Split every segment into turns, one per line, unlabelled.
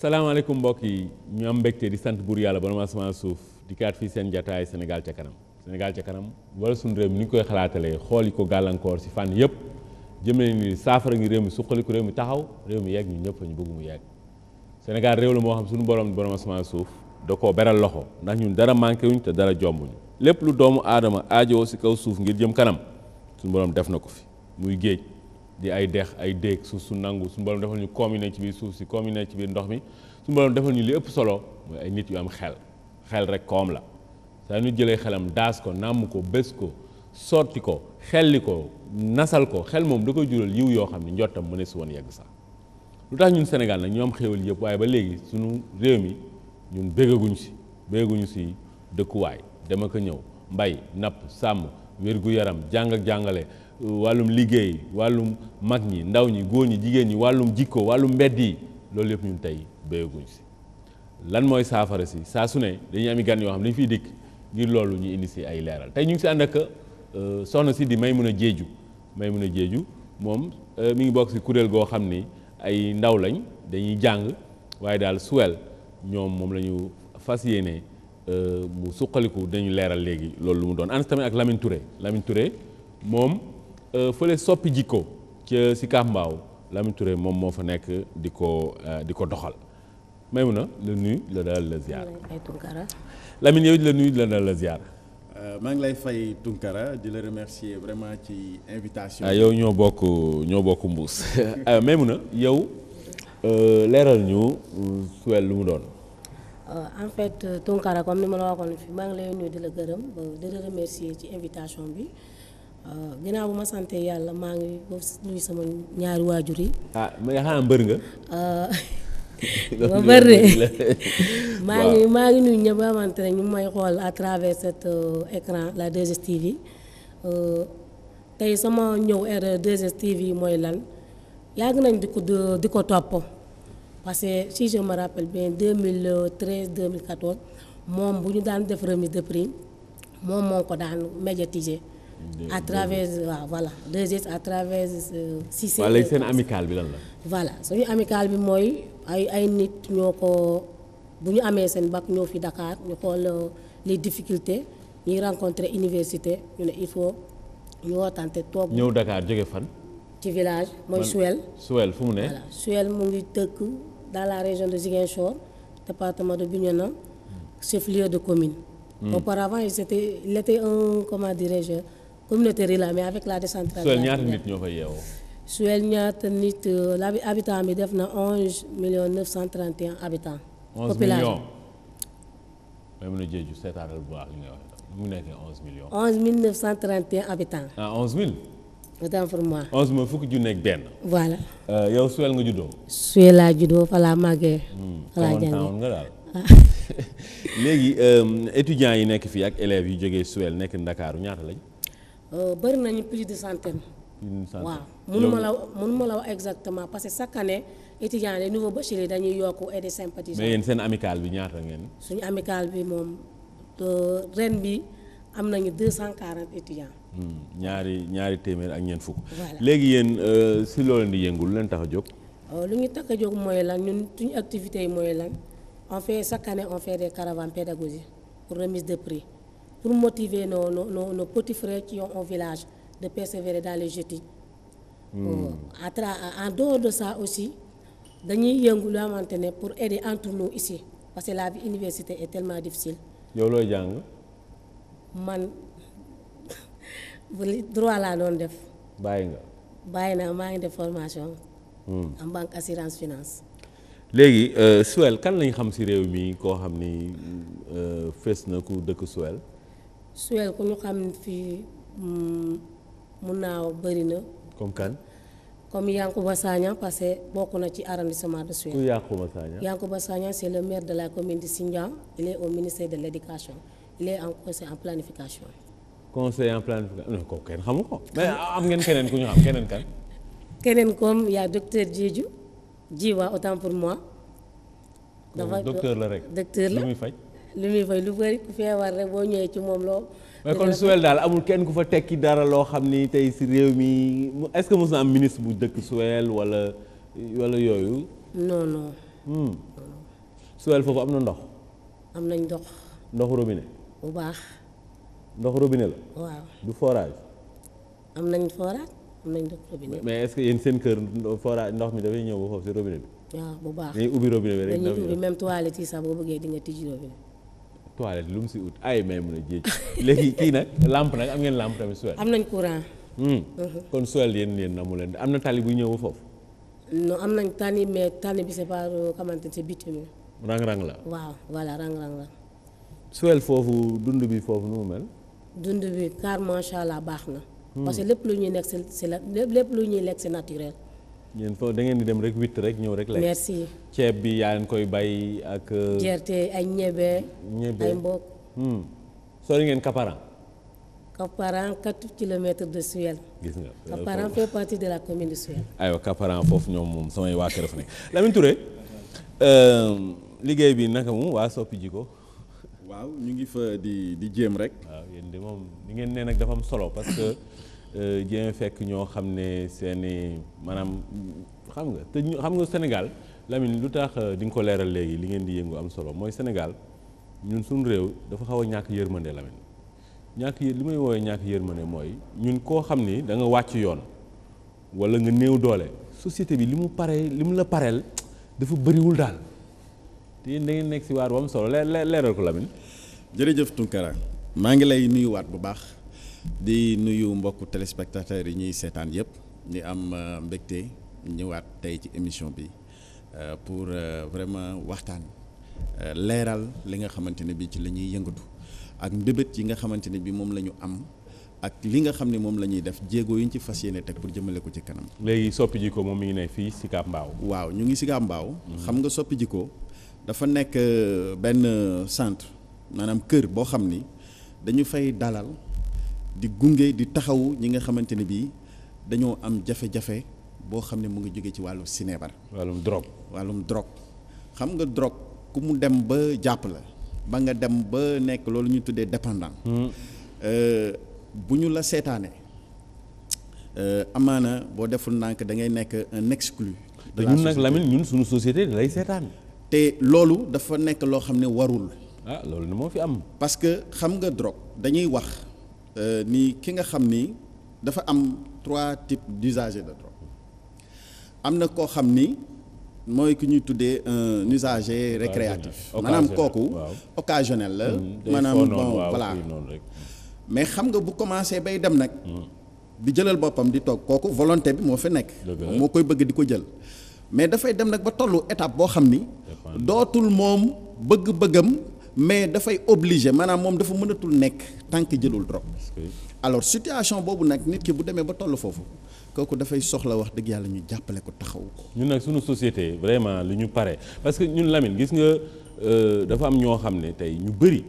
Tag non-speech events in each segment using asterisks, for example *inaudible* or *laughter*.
salaamaaleykum mbokk yi ñu am mbégte di sant buur yàlla borom asamaan suuf di kaat fii seen jataay Sénégal ca kanam Sénégal ca kanam wala suñu réew mi ni ñu koy xalaatalee xool yi ko gàllankoor si fànn yëpp jëmale ni saafara ngi réew mi suqali ko réew mi taxaw réew mi yegg ñu ñëpp ñu bëgg mu yegg Sénégal réew la moo xam suñu borom borom asamaan suuf da koo beral loxo ndax ñu dara manqué wuñ te dara jombuñ lépp lu doomu aadama aajowoo si kaw suuf ngir jëm kanam suñu borom def na ko fi muy géej di ay dex ay déeg su su nangu su borom defal ñu koom yi ci biir suuf si koom yi ci biir ndox mi su borom defal ñu li ëpp solo mooy ay nit yu am xel xel rek koom la saa ñu jëlee xelam daas ko nàmm ko bés ko sotti ko xelli ko nasal ko xel moom da ko jural yiw yoo xam ne njottam mëne si woon yegg sax lu tax ñun Sénégal nag ñoom am xéewal yëpp waaye ba léegi suñu réew mi ñun béggaguñu si béggaguñu si dëkkuwaay dama ko ñëw mbay napp sàmm wér gu yaram jàng jàngale wàllum liggéey wàllum mag ñi ndaw ñi góor ñi jigéen ñi wàllum jikko wàllum mbedd yi loolu yëpp ñun tey béyaguñ si lan mooy saafara si saa su ne dañuy ami gan yoo xam dañu fiy dikk ngir loolu ñu indi si ay leeral tey ñu ngi si ànd ak euh, soxna si di Maymuna Jeeju Maymuna Jeeju moom euh, mi ngi bokk si kuréel goo xam ni ay ndaw lañ dañuy jàng waaye daal suwel ñoom moom la ñu fas yéene euh, mu suqaliku dañu leeral léegi loolu lu mu doon ànd tamit ak Lamine Touré Lamine Touré moom. Euh, fële soppi jikko ca Sicap Mbao Lamine Touré moom moo fa nekk di ko euh, di ko doxal Maymuna la nuyu la dalal la ziar Lamine la nuyu la euh,
maa ngi lay fay Tunkara di la remercier vraiment ci invitation. Ah, yow
ñoo bokk ñoo bokk mbuus *laughs* Maymuna yow leeral ñu Suel lu mu doon.
en fait Tunkara comme ni ma la waxoon fii maa ngi lay nuyu di la gërëm di la remercier ci invitation bi. Euh, ginnaaw bu ma sante yàlla maa ngi nuyu sama ñaari waajur yi.
ah mais xanaa mbër nga.
Euh, *laughs* ma *laughs* maa ngi maa ngi nuyu ñëpp xamante ne ñu may xool à travers cet euh, écran la 2STV tey sama ñëw r 2STV mooy lan yàgg nañ di ko di ko topp parce que si je me rappelle bien 2013 2014 moom bu ñu daan def remise de prix moom moo ko daan médiatiser. Euh, à travers waaw euh, voilà 2S à travers. Cissé waaw léegi seen amicale bi lan la. voilà suñu amicale bi mooy ay ay nit ñoo ko bu ñu amee seen bac ñoo fi Dakar ñu xool euh, les difficultés ñuy rencontrer université ñu ne il faut ñu wootante toog. ñëw
Dakar jóge fan.
ci village mooy Suel.
Suel fu mu ne. voilà
Suel mu ngi tëkk dans la région de Ziguinchor département de Bignona hmm. chef-lieu de commune. Hmm. auparavant il était il un comment dirais communautaire yi la mais avec la décentralisation. ñaata nit ñoo fay yeewoo. Suel ñaata nit euh, la bi def na onze millions neuf cent trente et onze millions.
mën a jéeju seetaanal nekk benn. voilà. Euh, yow Suel nga juddoo.
Suel laa juddoo fa laa màggee. Hmm, fa laa jàngee ah.
*laughs* léegi euh, étudiants yi nekk fii ak élèves yu jóge Suel nekk Ndakaaru ñaata lañ.
Euh, bëri nañu plus de centaine. waaw mënuma la mënuma la wax exactement parce que chaque année étudiants les nouveaux bacheliers dañuy yokk et des sympathisants. mais yéen
seen amicale bi ñaata ngeen.
suñu amicale bi moom euh, ren bi am nañu deux cent quarante étudiants.
Hmm. ñaari ñaari téeméer ak ñeent fukk. léegi yéen euh, si loo leen di lu leen tax a jóg.
lu ñu tax a jóg mooy lan ñun suñu activité yi mooy lan on fait chaque année on fait des caravanes pédagogiques pour remise de prix. pour motiver nos, nos, nos, nos petits frères qui ont village de persévérer dans les jetis. Mmh. Euh, à tra en dehors de ça aussi dañuy yëngu lu xamante ne pour aider entre nous ici parce que la université est tellement difficile. yow looy jàng. man *laughs* droit laa doon def. bàyyi nga. bàyyi naa maa ngi def formation. Hmm. en banque assurance finance.
léegi euh, Suel kan lañu xam si réew mi koo xam ni euh, fees na ku dëkk Suel.
Suel ku ñu xam fii mun naa bëri na. comme kan. comme Yankuba Sagna parce que bokk na ci arrondissement de Suel. ku
Yankuba Sagna. Yankuba
Sagna c' est le maire de la commune de Sindian il est au ministère de l' éducation il est en conseil en planification.
conseil en planification non kooku kenn xamu ko. mais am ngeen keneen ku ñu xam keneen kan.
keneen comme y' a docteur Diedhiou Djiwa autant pour moi. dafa docteur la rek docteur la lu muy fay lu bëri ku feebar rek boo ñëwee ci moom lool. mais kon
Suwel daal amul kenn ku fa tekki dara loo xam ni tey si réew mi est-ce que mos na am ministre bu dëkk Suwel wala wala yooyu. non non. Hmm. foofu am na ndox. am nañ ndox. ndox robine bu baax. ndox robinet la. waaw du forage.
am nañ forage am nañ ndox robinet.
mais est-ce seen kër forage ndox mi dafay ñëw ba foofu si robinet bi. waaw bu baax dañuy ubbi robinet bi rek. dañuy
ubbi toilette sax boo bëggee
toilette lu mu si ut ay may mun a jéej léegi kii nag lampe nag am ngeen lampe tamit Suède. am nañ courant. Hmm. Mhm. kon Suède yéen yéen na mu leen am na tali bu ñëw foofu.
non am nañ tànni mais tànni bi c'est pas euh, xamante ne c'est bitume. rang la. waaw voilà rang-rang la.
Suède foofu dund bi foofu nu mu mel.
dund bi car macha allah baax na. Hmm. parce lépp lu ñuy nekk si si la lépp lu ñuy lekk si naturel.
yéen foofu da ngeen di dem rek witt rek ñëw rek. lekk merci ceeb bi yaa leen koy bay ak. Euh,
gerte ay ñebe.
ñebe ay mbokk. Hmm. sori ngeen Kaparan.
Kaparan 4 kilomètres de Suel. gis nga euh, Kaparan fait partie de la commune de Suel.
aywa Kaparan foofu ñoom moom samay waa kër fu nekk Lamine Touré euh, liggéey bi naka mu waa soppi jiko waaw ñu ngi fa di di jéem rek. waaw yéen de moom li ngeen ne nag dafa solo parce que. *laughs* jéem euh, fekk ñoo xam ne seeni maanaam xam nga te ñu xam nga Sénégal Lamine lu tax euh, dinga ko leeral léegi li ngeen di yëngu am solo mooy Sénégal ñun suñu réew dafa xaw a ñàkk yërmande Lamine ñàkk li may woowee ñàkk yërmande mooy ñun koo xam ni danga nga wàcc yoon walla nga néew doole société bi li mu paree li mu la pareel dafa bëriwul daal
te yéen da ngeen nekk si waar bu am solo leeral ko Lamine. jërëjëf Tunkara maa ngi lay nuyuwaat bu baax. di nuyu mbokku téléspectateurs yi ñuy seetaan yëpp ni am euh, mbégte ñëwaat tey ci émission bi euh, pour euh, vraiment waxtaan leeral li nga xamante ne bi ci la ñuy yëngatu ak mbébét yi nga xamante ne bi moom la ñu am ak li nga xam ne moom la ñuy def jéego yu ñu ci fas yéene teg pour jëmale ko ci kanam. léegi soppi jiko moom mi ngi ne fii Sicap Mbao. waaw ñu ngi Sicap Mbao. Mm-hmm. xam nga soppi jiko dafa nekk benn centre maanaam kër boo xam ni dañu fay dalal. di gunge di taxawu ñi nga xamante ne bii dañoo am jafe-jafe boo xam ne mu ngi jóge ci wàllu sineebar. wàllum drogue wàllum drogue xam nga drogue ku mu dem ba jàpp la ba nga dem ba nekk loolu ñu tuddee dépendant. Hmm. Euh, bu ñu la seetaanee euh, amaana boo deful nànk da ngay nekk un exclu. te ñun nag ñun suñu société lay seetaan. te loolu dafa nekk loo xam ne warul. ah loolu moo fi am. parce que xam nga drogue dañuy wax. Euh, nii ki nga xam ni dafa am trois types d'usagers de drogue am na koo xam ni mooy ki ñuy tuddee un usager récréatif maanaam kooku occasionnel la hmm, maanaam bon voilà mais xam nga bu commencé bay dem nag hmm. di jëlal boppam di toog kooku volonté bi moo fi nekk moo koy bëgg di ko jël mais dafay dem nag ba tollu étape boo xam ni dootul moom bëgg-bëggam mais dafay obligé maanaam moom dafa mënatul nekk tànk jëlul drogue alors situation boobu nag nit ki bu demee ba toll foofu kooku dafay soxla wax dëgg yàlla ñu jàppale ko taxawu ko.
ne nag suñu société vraiment lu ñu pare parce que ñun lamit gis nga euh, dafa am ñoo xam ne tey ñu bëri.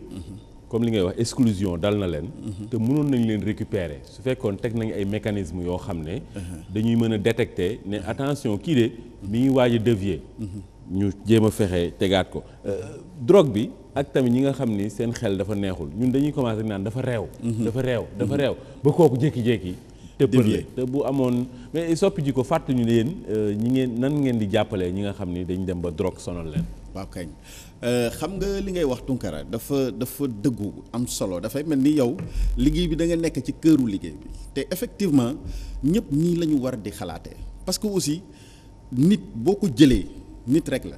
comme li ngay wax exclusion dal na leen. te mënoon nañ leen récupérer su fekkoon teg nañ ay mécanismes yoo xam ne. dañuy mën a détecter ne attention kii de mi ngi waaj a dévier. Mhm. ñu jéem a fexe tegaat ko euh, drogue bi. ak tamit ñi nga xam ni seen xel dafa neexul ñun dañuy commencé naan dafa reew mhm. dafa réew dafa mhm. réew ba kooku jékki-jékki. tëppale te bu amoon mais soppi ji ko fàttu ñu leen euh, ñi ngeen nan ngeen di jàppalee ñi nga xam ni dañ dem ba drogue sonal leen.
waaw kañ euh, xam nga li ngay wax Tunkara dafa dafa dëggu am solo dafay mel ni yow liggéey bi da nga nekk ci këru liggéey bi te effectivement ñëpp nii la ñu war di xalaatee parce que aussi nit boo ko jëlee nit rek la.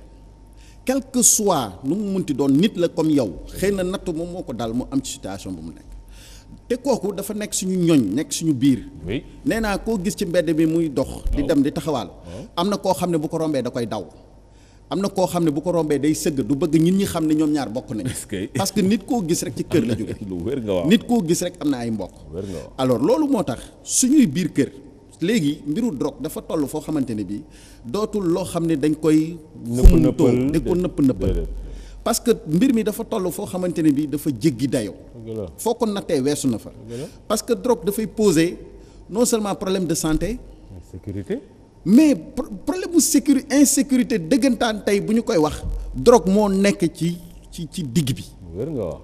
quelque que nu mu munti doon nit la comme yow xëy na natt moom moo ko dal mu am ci situation bu mu nekk te kooku dafa nekk suñu ñoñ nekk suñu biir. nee naa koo gis ci mbedd bi muy dox. di oh. dem di taxawaal. Oh. am na koo xam ne bu ko rombee da koy daw. am na koo xam ne bu ko rombee day sëgg du bëgg nit ñi xam ne ñoom ñaar bokk nañ *laughs* parce que nit koo gis rek ci kër la jóge nit koo gis rek am na ay mbokk alors loolu moo tax suñuy biir kër. léegi mbiru drogue dafa toll foo xamante ne bii dootul loo xam ne dañ koy. xumtoo dañ ko nëpp nëppal parce que mbir mi dafa toll foo xamante ne bii dafa jéggi dayoo. foo ko nattee weesu na fa. parce que drogue dafay poser non seulement problème de santé. sécurité. mais problème bu sécurité insécurité dëggantaan tey bu ñu koy wax. drogue moo nekk ci ci ci digg bi. wér nga wax.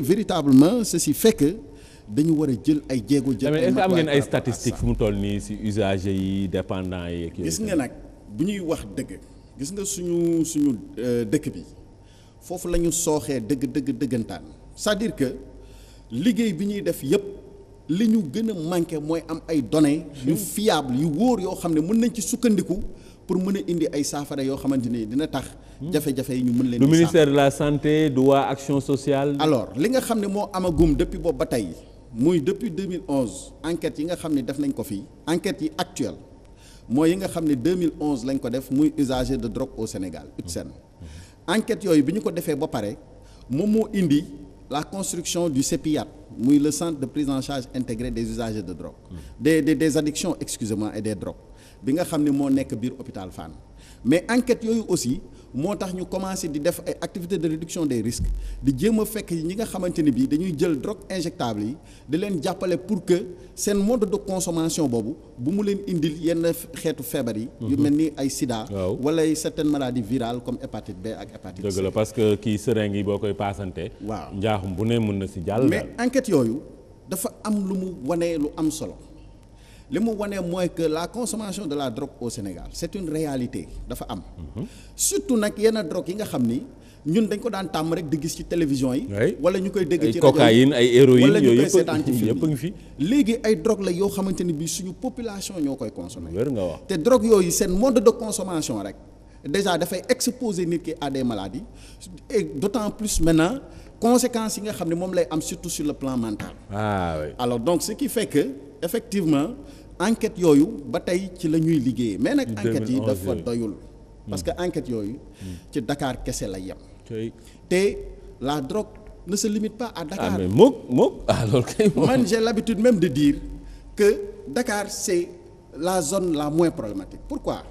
véritablement ceci fait que. dañu war a jël ay jéego. jël ay am ngeen ay statistiques fu
mu toll nii si usagers
yi dépendants yi ak gis nga nag bu ñuy wax dëgg gis nga suñu suñu euh, dëkk bi foofu la ñu sooxee dëgg dëgg dëggantaan sa à dire que liggéey bi ñuy def yëpp li ñu gën a manqué mooy am ay données yu hmm. fiable yu wóor yoo xam ne mën nañ ci sukkandiku. pour mën a indi ay saafara yoo xamante ni dina tax hmm. jafe-jafe yi ñu mun leen du ministère
de la santé du waa action sociale alors
li nga xam ne moo amagum depuis boobu ba tey muy depuis 2011 enquêtes yi nga xam ne def nañ ko fii enquête yi actuelles mooy yi nga xam ne 2011 lañ ko def muy usager de drogue au Sénégal UTSEN enquêtes yooyu bi ñu ko defee ba pare moom moo indi la construction du CEPIAT muy le centre de prise en charge intégrée des usagers de drogue des des, des addictions excusez-moi et des drogues bi nga xam ne moo nekk biir hôpital Fann mais enquêtes yooyu aussi moo tax ñu commencé di def ay activité de réduction des risques di jéem a fekk ñi nga xamante ni bii dañuy jël drogue injectable yi di leen jàppale pour que seen mode de consommation boobu bu mu leen indil yenn xeetu feebar yi. yu mel ni ay sida. wala certaines maladies virale comme hépatite B ak hépatite C.
parce que kii seringue yi boo koy paasante. waaw njaaxum bu ne mën na si jàll. mais
enquête yooyu dafa am lu mu wanee lu am solo. li mu wane mooy que la consommation de la drogue au Sénégal c'est une réalité dafa am. Mhm. surtout nag yenn drogue yi nga xam ni ñun dañ ko daan tàmm rek di gis ci télévision yi. wala ñu koy dégg ci rajo yi ay cocaïne ay héroïne wala ñu koy seetaan fi. léegi ay drogue la yoo xamante ni bii suñu population ñoo koy consommer. wér nga wax te drogue yooyu seen mode de consommation rek déjà dafay exposer nit ki à des maladies et d'autant plus maintenant. conséquences yi nga xam ne moom lay am surtout sur le plan mental. ah oui alors donc ce qui fait effectivement enquête yooyu ba tey ci la ñuy liggéey mais nag enquêtes yi dafa doyul parce que hmm. enquête yooyu hmm. ci dakaar kese la yem te la drogue ne se limite pas à ah, Dakar *laughs* ah mais mook man j'ai l'habitude même de dire que dakaar c'est la zone la moins problématique pourquoi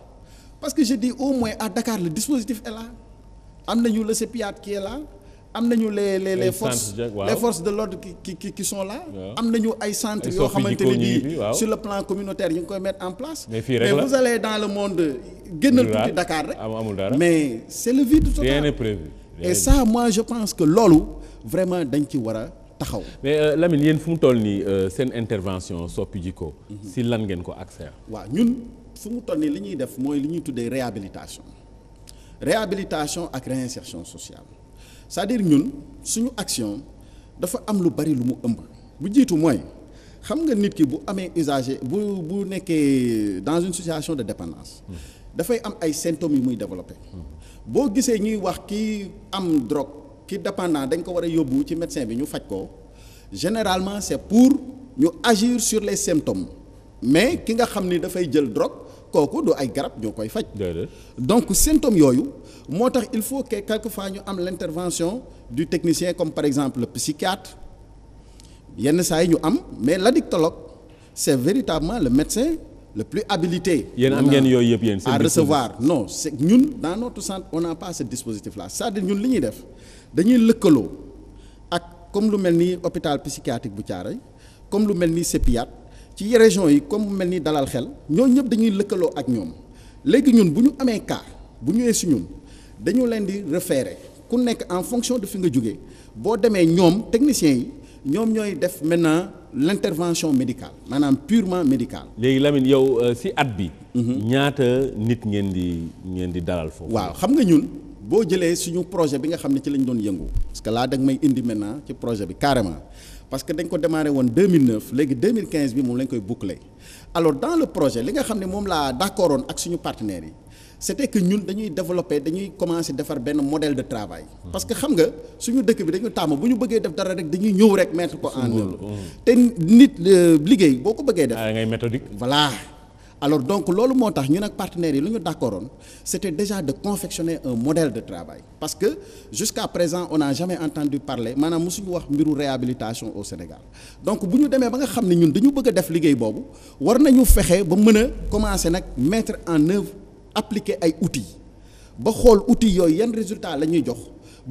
parce que je dis au moins à Dakar le dispositif est am na ñu le CEPIAT qui est là am nañu les les les forces force de l'ordre qui qui qui sont là. am nañu ay centres yoo xamante ne nii sur le plan communautaire ñu ngi koy mettre en place. mais fii rek la mais vous le monde. génnal tuuti Dakar
rek amul dara mais
c'est le vide total.
rien n'est prévu.
et je pense que loolu vraiment dañ ci war a taxaw.
mais euh, lamin yéen fu mu toll nii euh, seen intervention soppi jikko. si lan ngeen ko accès
waa ñun fu mu toll nii li ñuy def mooy li ñuy tuddee réhabilitation réhabilitation ak réinsertion sociale. c'est-à-dire ñun suñu action dafa am lu bari lu mu ëmb bu jiitu mooy xam nga nit ki bu amee usager bu bu nekkee dans une situation de dépendance hmm. dafay am ay symptômes yu muy développé boo gisee ñuy wax ki am drogue ki dépendant dañ ko war a yóbbu ci médecin bi ñu faj ko généralement c'est pour ñu agir sur les symptômes mais ki nga xam ni dafay jël drogue kooku du ay garab ñoo koy faj donc symptômes yooyu moo tax il faut que quelquefois ñu am l'intervention du technicien comme par exemple le psychiatre yenn saa yi ñu am mais la l'addictologue c'est véritablement le médecin le plus habilité yéen am ngeen yooyu yëpp yéen à recevoir non c'est ñun dans notre centre on a pas ce dispositif là cest dire ñun li ñuy def dañuy lëkkaloo ak comme lu mel ni hôpital psychiatrique bu Thiaroye comme lu mel ni CEPIAT ci région yi comme mel ni dalal xel ñoo ñëpp dañuy lëkkaloo ak ñoom léegi ñun bu ñu amee cas bu ñëwee si ñun dañu leen di référer ku nekk en fonction de fi nga jógee boo demee ñoom technicien yi ñoom ñooy def maintenant l' intervention médicale maanaam purement médicale.
léegi Lamine yow euh, si at
bi. Mhm. ñaata nit ngeen di ngeen di dalal foofu. waaw xam nga ñun boo jëlee suñu projet bi nga xam ne ci lañ doon yëngu parce que laa dag may indi maintenant ci projet bi carrément. parce que dañ ko démarré woon 2009 léegi 2015 bi moom lañ koy boucler alors dans le projet li nga xam ne moom laa d'accord woon ak suñu partenaires yi c'était que ñun dañuy développer dañuy commencer defar benn modèle de travail. parce que xam nga suñu dëkk bi dañu tàmm bu ñu bëggee def dara rek dañuy ñëw rek mettre ko oh. te nit euh, liggéey boo ko bëggee def. Ah, ngay méthodique. voilà alors donc loolu moo tax ñun ak partenaires yi lu ñu d'accordoon c'était déjà de confectionner un modèle de travail parce que jusqu'à présent on n'a jamais entendu parler maanaam musuñu wax mbiru réhabilitation au Sénégal donc bu ñu demee ba nga xam ne ñun dañu bëgg def liggéey boobu war nañu fexe ba mën a commencer nag mettre en neuve appliquer ay outils ba xool outils yooyu yan résultat la ñuy jox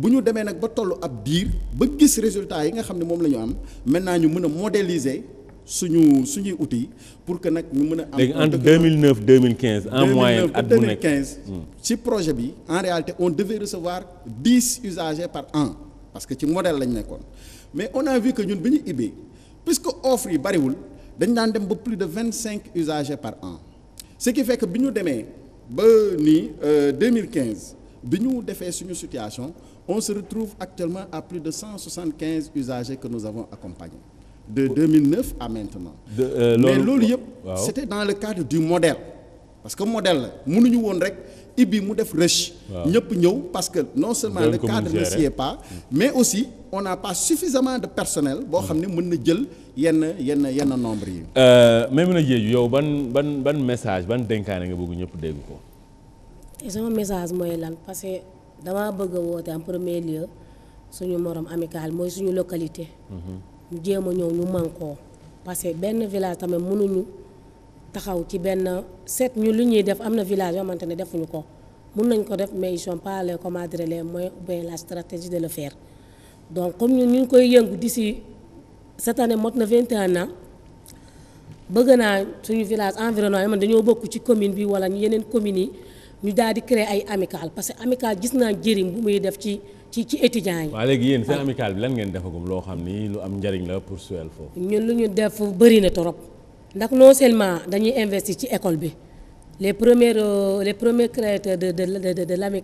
bu ñu demee nag ba tollu ab diir ba gis résultat yi nga xam ne moom la ñu am maintenant ñu mën a modéliser suñu suñuy outils pour que nag ñu mën a. am léegi entre 2009
2015. en moyenne at bu nekk 2015. Hmm.
ci projet bi en réalité on devait recevoir dix usagers par an parce que ci modèle lañ nekkoon mais on a vu que ñun bi ñu ibbee puisque offre yi bariwul dañ daan dem ba plus de vingt cinq usagers par an ce qui fait que bi ñu demee ba nii 2015 euh, bi ñu defee suñu situation on se retrouve actuellement à plus de cent soixante quinze usagers que nous avons accompagne de 2009 à maintenant. De, euh, mais loolu yëpp. waaw c'était dans le cadre du modèle. parce que modèle la mënuñu woon rek ibbi mu def rush. ñëpp ñëw parce que non seulement la cadre ne s'y est pas. mais aussi on n'a pas suffisamment de personnel boo xam ne mën na jël yenn yenn yenn nombre yi.
Euh, Maimouna Diédhiou yow ban ban ban message ban dénkaane nga bëgg ñëpp dégg ko.
te message mooy lan parce que damaa bëgg a woote en premier suñu morom amical mooy suñu localité. Mm ñu jéem a ñëw ñu mànkoo parce que benn village tamit mënuñu taxaw ci benn seet ñu lu ñuy def am na village yoo ne defuñu ko mun nañ ko def mais ils sont pas les comment dire les moyens ou la stratégie de le faire donc comme ñu ñu ngi koy yëngu d'ici cette année mot na 21 ans bëgg naa suñu village environnement man dañoo bokk ci commune bi wala yeneen communes yi ñu daal di créer ay amicale parce que amicale gis naa njëriñ bu muy def ci. ci ci étudiants yi. waaw
léegi yéen seen amicale bi lan ngeen defagum loo xam ni lu am njariñ la pour Suel foofu.
ñun lu ñu def bëri na trop ndax non seulement dañuy investir ci école bi les premiers euh, les premiers créateurs de de de de, de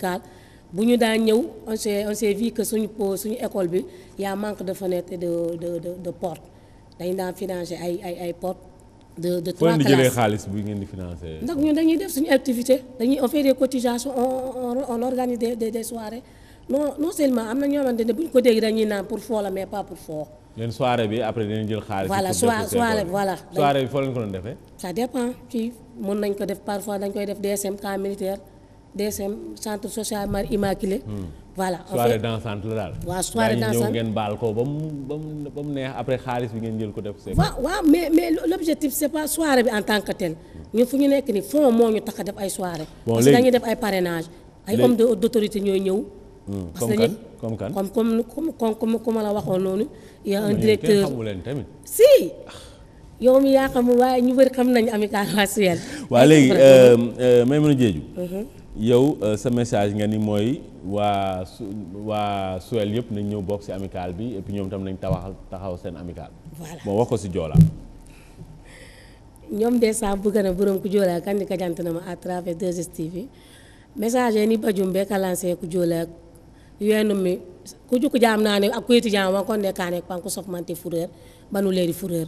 bu ñu daan ñëw on s'est on s'est vu que suñu suñu école bi a manque de fenêtre de de de de porte dañ daan financer ay ay ay porte de de trois classes
foo bu ngeen di financer. ndax
ñu dañuy def suñu activité dañuy on fait des cotisations on on organise des des non non seulement am na ñoo xamante ne bu ko dégg dañuy naan pour foo la mais pas pour foo.
leen soirée bi après dinañ jël xaalis. bi ko doon defee.
ça dépend koy def DSM camp militaire DSM centre social Marie Immaculée. Hmm. voilà en fait
soirée dansante ngeen ba mu ba mu ba mu neex après xaalis ngeen jël ko def. waaw
waaw mais mais l' objectif pas soirée bi en tant que tel ñun fu ñu nekk nii fond moo ñu tax a def ay soirée. bon léegi parce que dañuy def ay parrainage ay hommes d'autorité ñooy ñëw. comme kan comme kan comme comme comme comme comme la waxoon noonu. y a un directeur xamu leen tamit. si yow mi yaa xam waaye ñu bëri xam nañu amicale mensuelle. waa léegi euh,
euh, Maimouna Diédhiou. Mhm. yow euh, sa message nga ni mooy waa su Suel yëpp nañ ñëw bokk ci amical bi et ñoom tam nañ taxaw taxaw seen amicale. voilà moo wax ko ci Joola.
ñoom de saa bëgg na borom ku Joola kandi ka jant na ma à travers 2STV message yi ni Bajum beeg lancé ku Joola. yeenomi ko jukku jamnane akkoyti jama konde kane panko sofmante fourreur banuleeri fourreur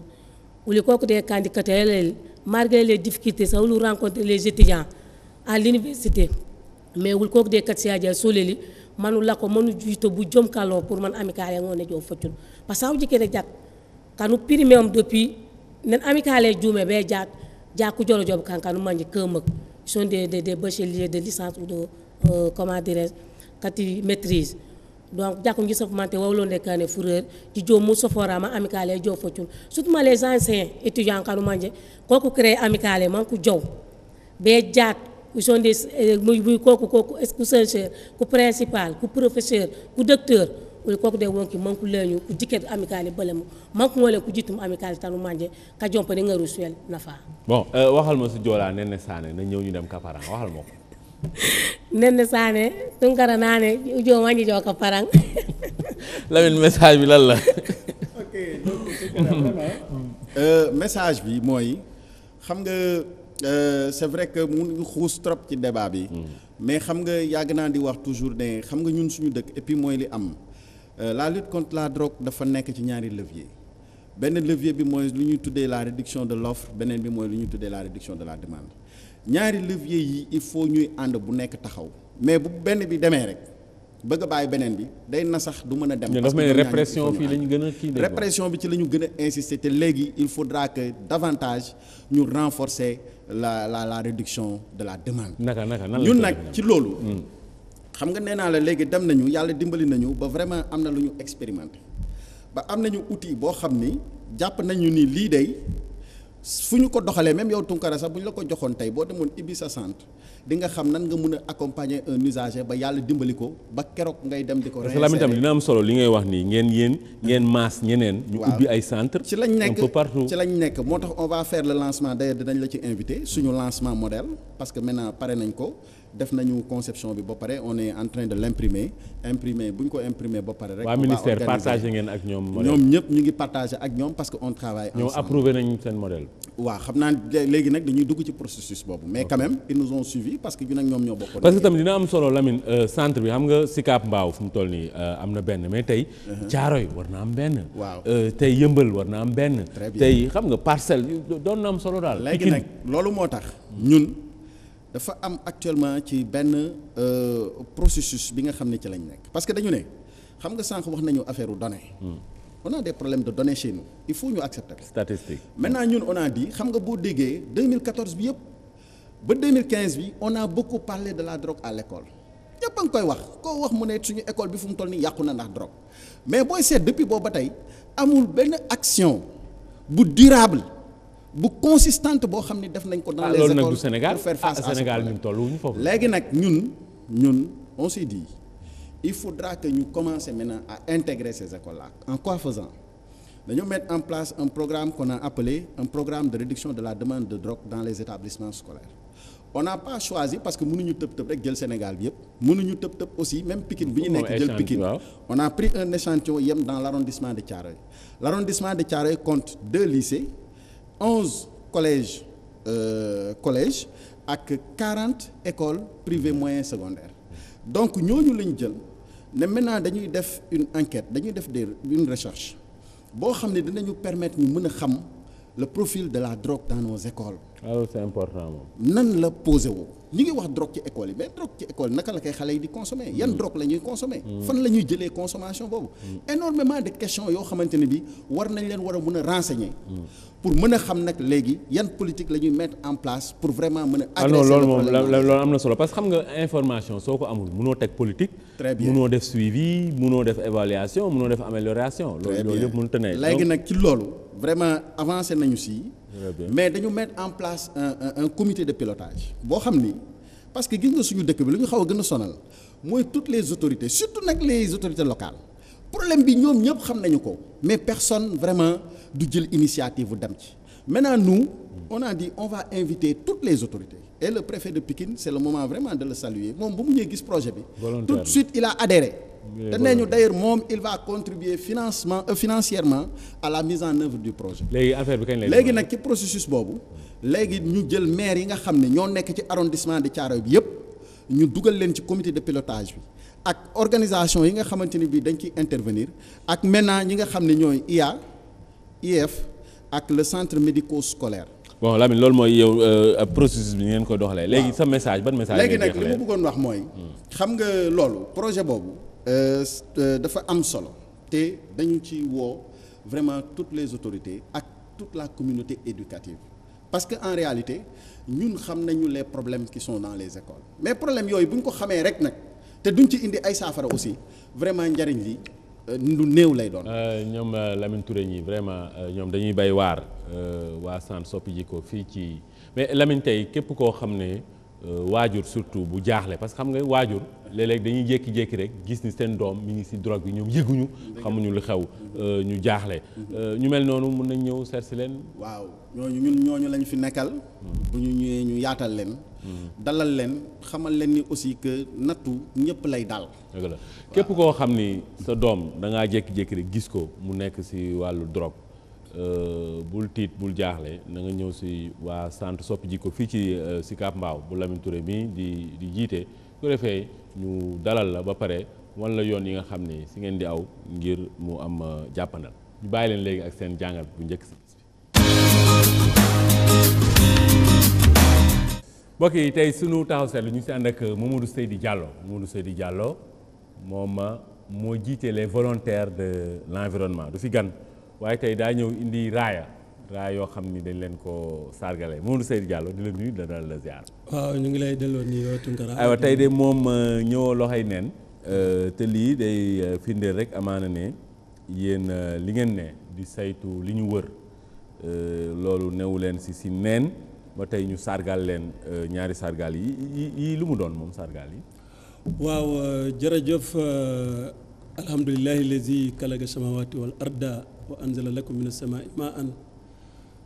wuli kokude candicatel malgré les difficultés sa wulu rencontre les étudiants à l'université mais wuli kokude kat siyaja soleli manu lako manu juyto bu jom kalo pour man amicale ngone jo foccul parce que aw jikene jak kanu primé am depuis nen amicale juume be jak jakku joro job kan kanu manji kemak sont de de euh, comment kati maîtrise donc jakko guisafumante wawlonde kane foureur jijo mu soforama amicale e jofoccol surtout ma les anciens étudiants kanu manje koko créé amicale manko jow ɓe jaat ils sont des euh, muy ku ku principal ku professeur ku docteur ɓuri kooku de wonki manku leeñu ku jikket amicale bale mu manku ngole ku jittum amicale tanu manje ka jompani ngaru suel nafa
bon euh, waxal ma su joolaa nenne saane na ñëw ñu dem kaparan waxal
*laughs* nenn saane Tunkara naane ujoo wañi joo ko parang *laughs* Lamine
message bi lan la
ok
euh, message bi mooy xam nga euh, c'est vrai que mu xuus trop ci débat bi hmm. mais xam nga yàgg naa di wax toujours ne xam nga ñun suñu dëkk et mooy li am euh, la lutte contre la drogue dafa nekk ci ñaari levier benn levier bi mooy lu ñuy tuddee la réduction de l'offre beneen bi mooy lu ñuy tuddee la réduction de la demande ñaari levier yi il faut ñuy ànd bu nekk taxaw mais bu benn bi demee rek bëgg bàyyi beneen bi day na sax du mën a dem. parce que répression fii la ñu gën
a kii répression
bi ci la gën a insister te léegi il faudra que davantage ñu renforcer la la la réduction de la demande. naka naka nan la ci loolu. Hmm. xam nga nee naa la léegi dem nañu yàlla dimbali nañu ba vraiment am na lu ñu expérimenté ba am nañu outil boo xam ni jàpp nañu ni lii day fu ñu ko doxalee même yow Tunkara sax bu ñu la ko joxoon tey boo demoon ibbi sa centre di nga xam nan nga mën a accompagner un usager ba yàlla dimbali ko ba keroog ngay dem di ko. parce que Lamine dina
am solo li ngay wax nii ngeen yéen ngeen hmm. maas ñeneen. ñu ubbi ay centre
ci lañ nekk un peu partout ci lañ nekk moo tax on va faire le lancement d'ailleurs dinañ la ci invité suñu lancement modèle parce que maintenant pare nañ ko. def nañu conception bi ba pare on est en train de l' imprimer imprimer ko imprimer ba pare. rek waa ministère partagé ngeen ak ñoom. ñoom ñëpp ñu ngi partagé ak ñoom parce que on travaille. ensemble ñoom approuvé
nañu seen modèle.
waaw mais quand même ils nous ont suivi parce que ñun ak ñoom ñoo bokk. parce que
tamit dina am solo Lamine euh, centre bi xam nga Sicap Mbao fu toll nii euh, am na benn mais tey. Uh-huh. Thiaroye war na am benn. waaw euh, tey Yëmbal war
na am benn. tey xam nga parcelle doon na am solo daal. léegi nag loolu moo tax ñun. dafa am actuellement ci benn euh, processus bi nga xam ne ci lañ nekk parce que dañu ne xam nga sànq wax nañu affaire u données hmm. on a des problèmes de données chez nous il faut ñu accepter ko statistique maintenant ñun on a dit xam nga boo déggee 2014 bi yëpp ba 2015 bi on a ko parlé de la drogue à l'école ñëpp a koy wax koo wax mu ne suñu école bi fu mu toll nii yàqu na ndax drogue mais booy seet depuis booba tey amul benn action bu durable bu consistante boo xam ne def nañ ko dans ah, les écoles pour faire face ah, à Sénégal ñun tolluwuñu foofu ñun ñun on s'est dit il faudra que ñu commencer maintenant à intégrer ces en quoi faisant dañoo mettre en place un programme qu'on a appelé un programme de réduction de la demande de drogue dans les établissements scolaires on n'a pas choisi parce que mënuñu tëb tëb rek jël Sénégal bi yëpp ñu tëb tëb aussi même Pikine bi ñu nekk jël Pikine on a pris un échantillon yem dans l'arrondissement de Thiaroye l'arrondissement de Thiaroye compte deux lycées onze collège euh, collèges ak quarante école privées moyen secondaire donc ñooñu lañ jël ne maintenant dañuy def une enquête dañuy def de une recherche boo xam ne dinañu permettre ñu mën a xam le profil de la drogue dans nos écoles. Ah, nan la posé woo ñu ngi wax drogue ci école yi mais drogue ci école naka la koy xale yi di consommer yan mm. drogue la ñuy consommer. Mm. fan la ñuy jëlee consommation boobu. Mm. énormément de questions yoo xamante ni bi war nañ leen war a mun a renseigner. pour mën a xam nag léegi yan politique la ñuy mettre en place pour vraiment mën a. adressé ah loolu moom
loolu am na solo parce que xam nga information soo ko amul mënoo teg politique. très bien mënoo def suivi mënoo def évaluation mënoo def amélioration. loolu loolu yëpp mënut a nekk léegi nag loolu
vraiment avancé nañu si. mais dañu mettre en place un un, de pilotage. boo xam ni parce que gis nga suñu dëkk bi lu ñu xaw a gën a sonal mooy toutes les autorités surtout nag les autorités locales. problème bi ñoom ñëpp xam nañu ko mais personne vraiment du jël initiative bu dem ci maintenant nous on a dit on va inviter toutes les autorités et le préfet de Pikine c'est le moment vraiment de le saluer moom bu mu ñëwee gis projet bi tout de suite il a adhéré te nee ñu d'ailleurs moom il va contribuer financement euh, financièrement à la mise en œuvre du projet
léegi affaire bi kañ léegi
nag ci processus boobu léegi ñu jël maire yi nga xam ne ñoo nekk ci arrondissement de Thiaroye bi yëpp ñu dugal leen ci comité de pilotage bi ak organisation yi nga xamante ni bii dañ ciy intervenir ak maintenant ñi nga xam ne ñooy IA IF ak le centre médico-scolaire.
bon Lamine loolu mooy yow euh, processus bi ngeen ko doxalee. léegi sa message ban message. léegi nag li ma
bëggoon wax mooy. Hmm. xam nga loolu projet boobu. Euh, euh, dafa am solo. te dañu ci woo vraiment toutes les autorités ak toute la communauté éducative parce que en réalité ñun xam nañu les problèmes qui son dans les écoles mais problème yooyu bu ñu ko xamee rek nag. te duñ ci indi ay saafara aussi vraiment njariñ li euh, lu néew lay doon.
Euh, ñoom euh, Lamine Touré ñi vraiment ñoom dañuy bay waar waa Sane soppi jikko fii ci mais Lamine tey képp koo xam ne. Euh, waajur surtout bu jaaxle parce que xam nga waajur léeg-léeg dañuy jékki-jékki rek gis ni seen doom mu ngi ci drogue bi ñoom yëguñu xamuñu lu xew euh, ñu jaaxle euh, ñu mel noonu mun nañ ñëw seet si leen
waaw ñooñu ñun ñooñu lañ fi nekkal bu ñu ñëwee ñu yaatal leen hmm. dalal leen xamal leen ni aussi que nattu ñëpp lay daal
la képp koo xam ni sa doom da ngaa jékki-jékki rek gis ko mu nekk ci wàllu drogue Euh, bul tiit bul jaaxle nanga ñëw si waa centre soppi jikko fii ci euh, Sicap Mbao bu Lamine Touré mii di di jiite su ko ñu dalal la ba pare walla yoon yi nga xam ne si ngeen di aw ngir mu am euh, jàppandal ñu bàyyi leen léegi ak seen jàngat bu njëkk si. mbokk yi tey sunu taxaw seetlu ñu si ànd ak Mamadou Seydi Diallo Mamadou di Diallo moom moo jiite les volontaires de l' du fi gan. waaye tey daa ñëw indi raaya raaya yoo xam ni dañ leen ko sargale Mamadou Seydou Diallo di la nuyu la daal la ziar.
waaw ñu ngi lay delloo nuyoo Tunkara. aywa
moom euh, ñëwoo loxoy euh, lii day euh, firndeel rek amaana ne yéen li ngeen ne di saytu li ñu wër loolu newu leen si si neen ba tey ñu sargal leen ñaari sargal yi yi lu mu doon moom sargal yi. waaw jërëjëf
alhamdulilahi lazi kalaga samawati wal arda wa anzala lakum min as-samaa'i maa'an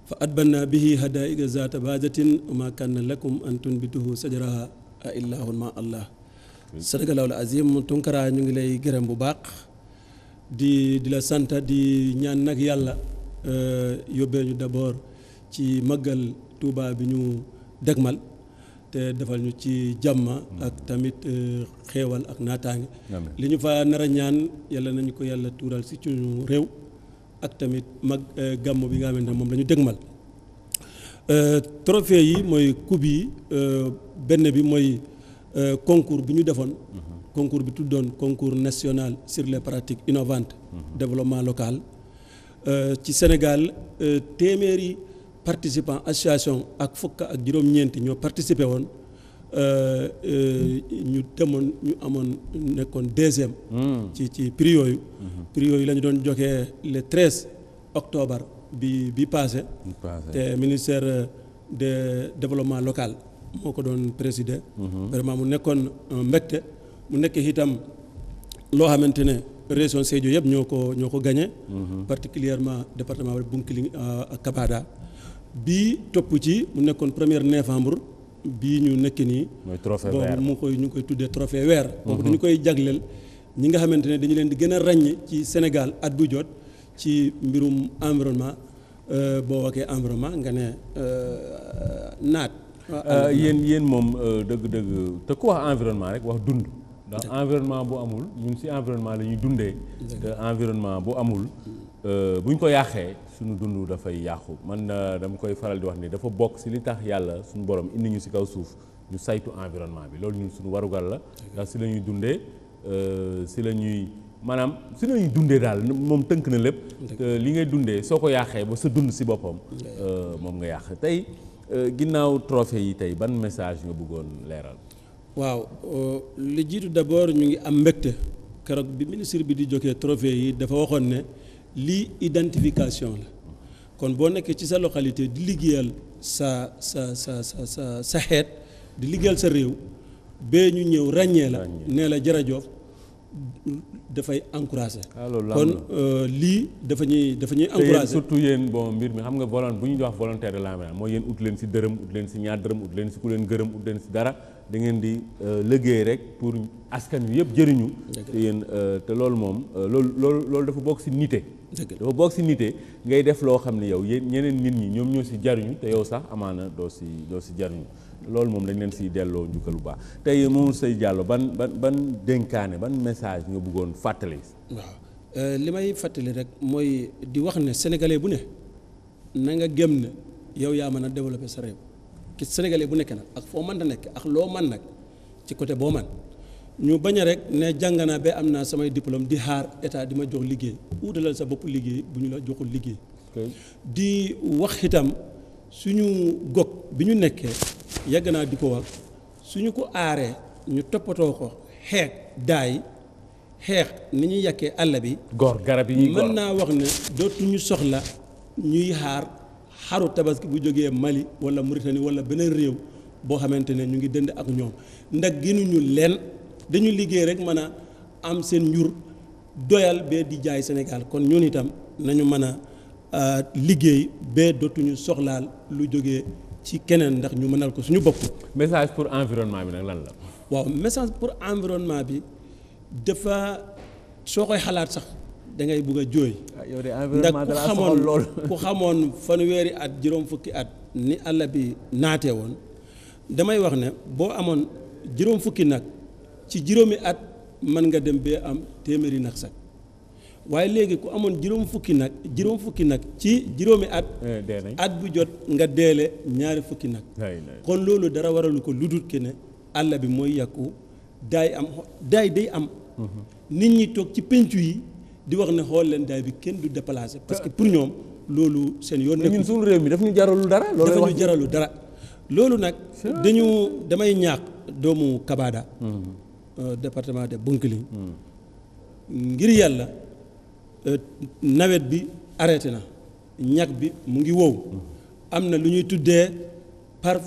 fa atbanna bihi hadaa'iqa zaata baajatin wa maa kaana lakum an tunbituhu sajaraha a ilaahun maa allah sadaqallaahu al-aziim ñu ngi lay gërëm bu baax di di la sant di ñaan nag yàlla euh, yóbbee ñu d'abord ci màggal Tuuba bi ñu dëgmal te defal ñu ci jàmma ak tamit euh, xéewal ak naataange li ñu fa nar ñaan yàlla nañu ko yàlla tuural si ci réew ak tamit mag euh, gàmmu bi nga xamante ne moom la ñu dëgmal euh, trophée yi mooy coupe yi euh, benn bi mooy concours bi ñu defoon mhm. concours bi tuddoon concours national sur les pratiques innovantes mhm. développement local ci Sénégal téeméeri participants association ak fukk ak juróom-ñeenti ñoo participé woon Euh, euh, ñu demoon ñu amoon nekkoon deuxième. Hmm. ci ci prix yooyu. Mhm. prix yooyu la doon joxe le treize octobre bi bi passé. te ministère de développement local moo ko doon présider. Mhm. vraiment mu nekkoon mbégte mu nekk itam loo xamante ne région Sédhiou yëpp ñoo ko ñoo ko gagné. Mhm. particulièrement département Bounkiling euh, ak Kabada. bi topp ci mu nekkoon premier novembre. bii ñu nekk nii. mooy trophée weer boobu mu koy ñu koy tuddee trophée weer. boobu mhm. dañu koy jagleel ñi nga xamante ne dañu leen di gën a ràññee ci Sénégal at bu jot ci mbirum environnement
euh, boo waxee environnement nga ne
euh,
naat. Euh, yéen yéen moom dëgg-dëgg te ku wax environnement rek wax dund. ndax environnement bu amul ñun si environnement la ñuy dundee. te environnement bu amul bu ñu ko yàqee. suñu dund dafay yàqu man euh, dama koy faral di wax ni dafa bokk si li tax yàlla suñu borom indi ñu si kaw suuf ñu saytu environnement bi loolu ñun suñu warugal la ndax si la ñuy dundee euh, si la ñuy maanaam si la ñuy dundee daal moom tënk na lépp euh, li ngay dundee soo ko yàqee ba sa dund si boppam moom nga yàq tey ginnaaw trophée yi tey ban message nga bëggoon leeral
waaw li jiitu d'abord ñu ngi am mbégte keroog bi ministre bi di jógee trophée yi dafa waxoon ne lii identification la kon boo nekkee ci sa localité di liggéeyal sa sa sa sa sa sa xeet di liggéeyal sa réew bee ñu ñëw ràññee la nee la jërëjëf dafay encouragé. Ah, kon
euh, lii dafa ñuy dafa ñuy encouragé surtout yéen bon mbir mi xam nga volon bu ñuy wax volontaire de la mooy yéen ut leen si dërëm ut leen si ñaar dërëm ut leen si ku leen gërëm ut leen si dara. da ngeen di euh, liggéey rek pour askan wi yëpp jëriñu. te yéen euh, te loolu moom euh, loolu loolu loolu dafa bokk ci nite. dafa bokk ci nite ngay def loo xam ne yow yéen ñeneen nit ñi ñoom ñoo si jariñu te yow sax amaana doo si doo si jariñu loolu moom dañ leen si delloo njukkal bu baax tey moom say Diallo ban ban ban dénkaane ban message nga buggoon fàttali.
waaw li may fàttali rek mooy di wax ne sénégalais bu ne na nga gëm ne yow yaa mën a développer sa réew. ki sénégalais bu nekk nag ak foo man ta nekk ak loo man nag ci côté boo man ñu bañ a rek ne jàng naa ba am naa samay diplôme di xaar état di ma jox liggéey uutalal sa bopp liggéey bu ñu la joxul liggéey di wax itam suñu gog bi ñu nekkee yàgg naa di ko wax suñu ko aaree ñu toppatoo ko xeex daay xeex ni ñuy yàkkee àll bi góor garab yi ñuy naa wax ne dootuñu soxla ñuy xaar xaru tabaski bu jógee Mali wala Mauritanie wala beneen réew boo xamante ne ñu ngi dënd ak ñoom ndax gënuñu leen dañu liggéey rek mën a am seen njur doyal bee di jaay Sénégal kon ñun itam nañu mën a euh, liggéey bee dootuñu soxlaal lu jógee ci keneen ndax ñu mënal ko suñu bopp. message pour environnement bi nag lan la. waaw message pour environnement bi dafa soo koy xalaat sax. da ngay bugg a jooy. Ah, ndax ku xamoon *laughs* ku xamoon fanweeri at juróom fukki at ni àll bi naatee woon damay wax ne boo amoon juróom fukki nag ci juróomi at mën nga dem bee am téeméeri nag sax waaye léegi ku amoon juróom fukki nag juróom fukki nag ci juróomi at. Eh, at bu jot nga deele ñaari fukki nag. kon loolu dara waralu ko lu dul ke ne àll bi mooy yàqu daay am daay day am. Mm-hmm. nit ñi toog ci pencu yi. di wax ne xool leen daay bi kenn du déplacé parce que pour ñoom loolu seen yoon nekk ñun suñu réew mi daf ñu jaralul dara dafa ñu jaralul dara loolu nag dañu damay ñaax doomu kabaada hmm. euh, département de Bounkiling hmm. ngir yàlla euh, nawet bi arrêté na ñag bi mu ngi wow hmm. am na lu ñuy tuddee par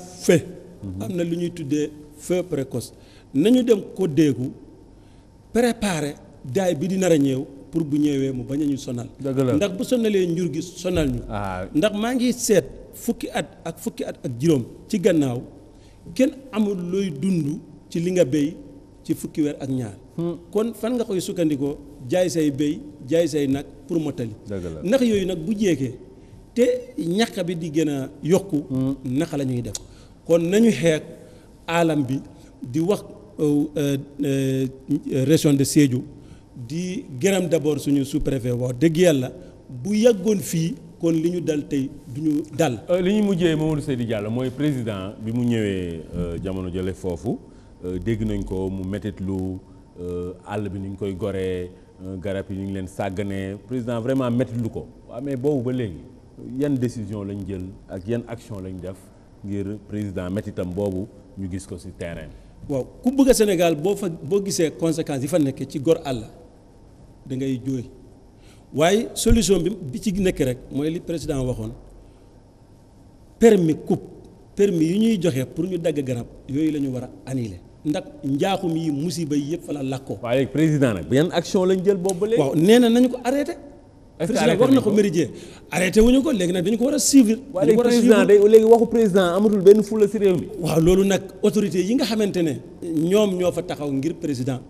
am na lu ñuy tuddee feu précoce nañu dem ko déegu préparer daay bi di nar a ñëw pour bu ñëwee mu bañ a ñu sonal. ndax bu sonalee njur gi sonal ñu. Ah. ndax maa ngi seet fukki at ak fukki at ak juróom ci gannaaw kenn amul looy dund ci li nga béy ci fukki weer ak ñaar. Hmm. kon fan nga koy sukkandikoo jaay say béy jaay say nag pour mottali. ndax yooyu nag bu jeekee te ñaq bi di gën a yokku. Hmm. naka la ñuy def kon nañu xeex alam bi di wax euh, euh, euh, région de Sédhiou. di gërëm d'abord suñu sous-préfet wax dëgg yàlla bu yàggoon fii kon li
ñu dal tey du ñu dal. Euh, li ñu mujjee Mamadou Seydi Diallo mooy président bi mu ñëwee euh, jamono jële foofu euh, dégg nañ ko mu métit lu àll bi ni ñu koy goree garab yi ñu ngi leen sàgganee président vraiment métit lu ko waaw mais boobu ba léegi yan décision lañ jël ak yan action lañ def ngir président métitam boobu ñu gis ko si terrain waaw ku bëgg
Sénégal boo fa boo gisee conséquence yi fa nekk ci gor àll. da ngay jooy waaye solution bi bi ci nekk rek mooy li président waxoon permis coupe permis yu ñuy joxe pour ñu dagg garab yooyu la ñu war a annuler ndax njaaxum yi musiba yi yëpp fa la làkkoo. waaye président nag yan action lañ jël boobu ba léegi. na nañu ko arrêté. est président wax na ko méridien arrêté wuñu ko léegi nag dañu ko war a suivre. dañu ko war a suivre président léegi waxu président amatul benn fulla si réew mi. waaw loolu nag autorité yi nga xamante ne. ñoom ñoo fa taxaw ngir président.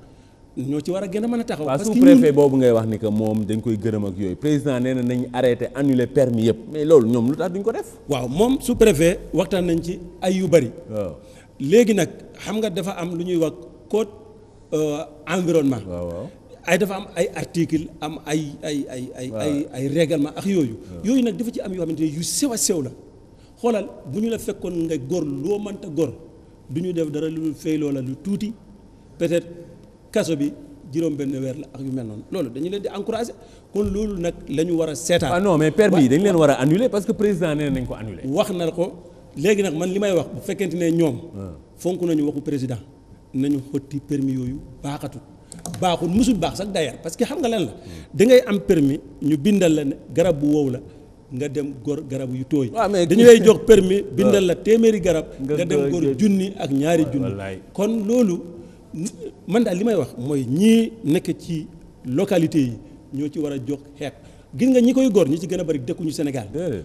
ñoo ci war a gën a mën a taxaw. parce que sous
boobu ngay wax ni que moom dañ koy gërëm ak yooyu président nee na nañ arrêté annulé permis yëpp mais loolu ñoom lu tax duñ ko def. waaw moom su préfet waxtaan nañ ci ay yu bari.
léegi nag xam nga dafa am lu ñuy wax code euh, environnement. waaw ay dafa am ay article am ay ay ay ay ay ay règlement ak yooyu. yooyu nag dafa ci am yoo xamante ne yu sew a sew la xoolal bu ñu la fekkoon nga góor loo mënta góor du ñu def dara lu fay loola lu tuuti peut-être. kaso bi juróom-benn weer la ak yu mel noonu loolu dañu leen di encouragé kon loolu nag la ñu war a seetaan. waaw ah non mais permis yi dañu leen war a annulé parce que président nee nañ ko annulé. wax na ko léegi nag man li may wax bu fekkente ne ñoom. Ah. fonk nañu waxu président nañu xotti permis yooyu baaxatul. baaxul musul baax sax d'ailleurs parce que xam nga leen la hmm. dangay am permis ñu bindal la ne garab bu wow la. nga dem góor garab yu tooy. Ah, dañu lay *laughs* jox permis bindal la téeméeri garab. nga dem góor junni ak ñaari junni kon man daal li may wax mooy ñii nekk ci localité yi ñoo ci war a jox xeet gis nga ñi koy góor ñi ci gën a bari dëkkuñu Sénégal eh.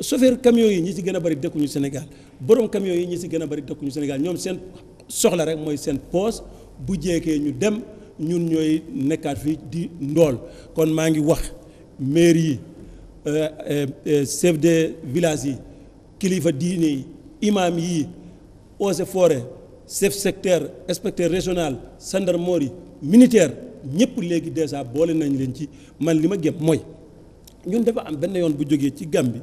chauffeur camion yi ñi ci gën a bari dëkkuñu Sénégal borom camion yi ñi ci gën a bari dëkkuñu Sénégal ñoom seen soxla rek mooy seen poos bu jeekee ñu dem ñun ñooy nekkaat fii di ndool kon maa ngi wax maire yi euh, euh, euh, chef de village yi kilifa diine yi imaam yi eaux et chef secteur inspecteur régional gendarmerie militaire ñëpp léegi déjà boole nañ leen ci man li ma gëm mooy ñun dafa am benn yoon bu jógee ci Gàmbi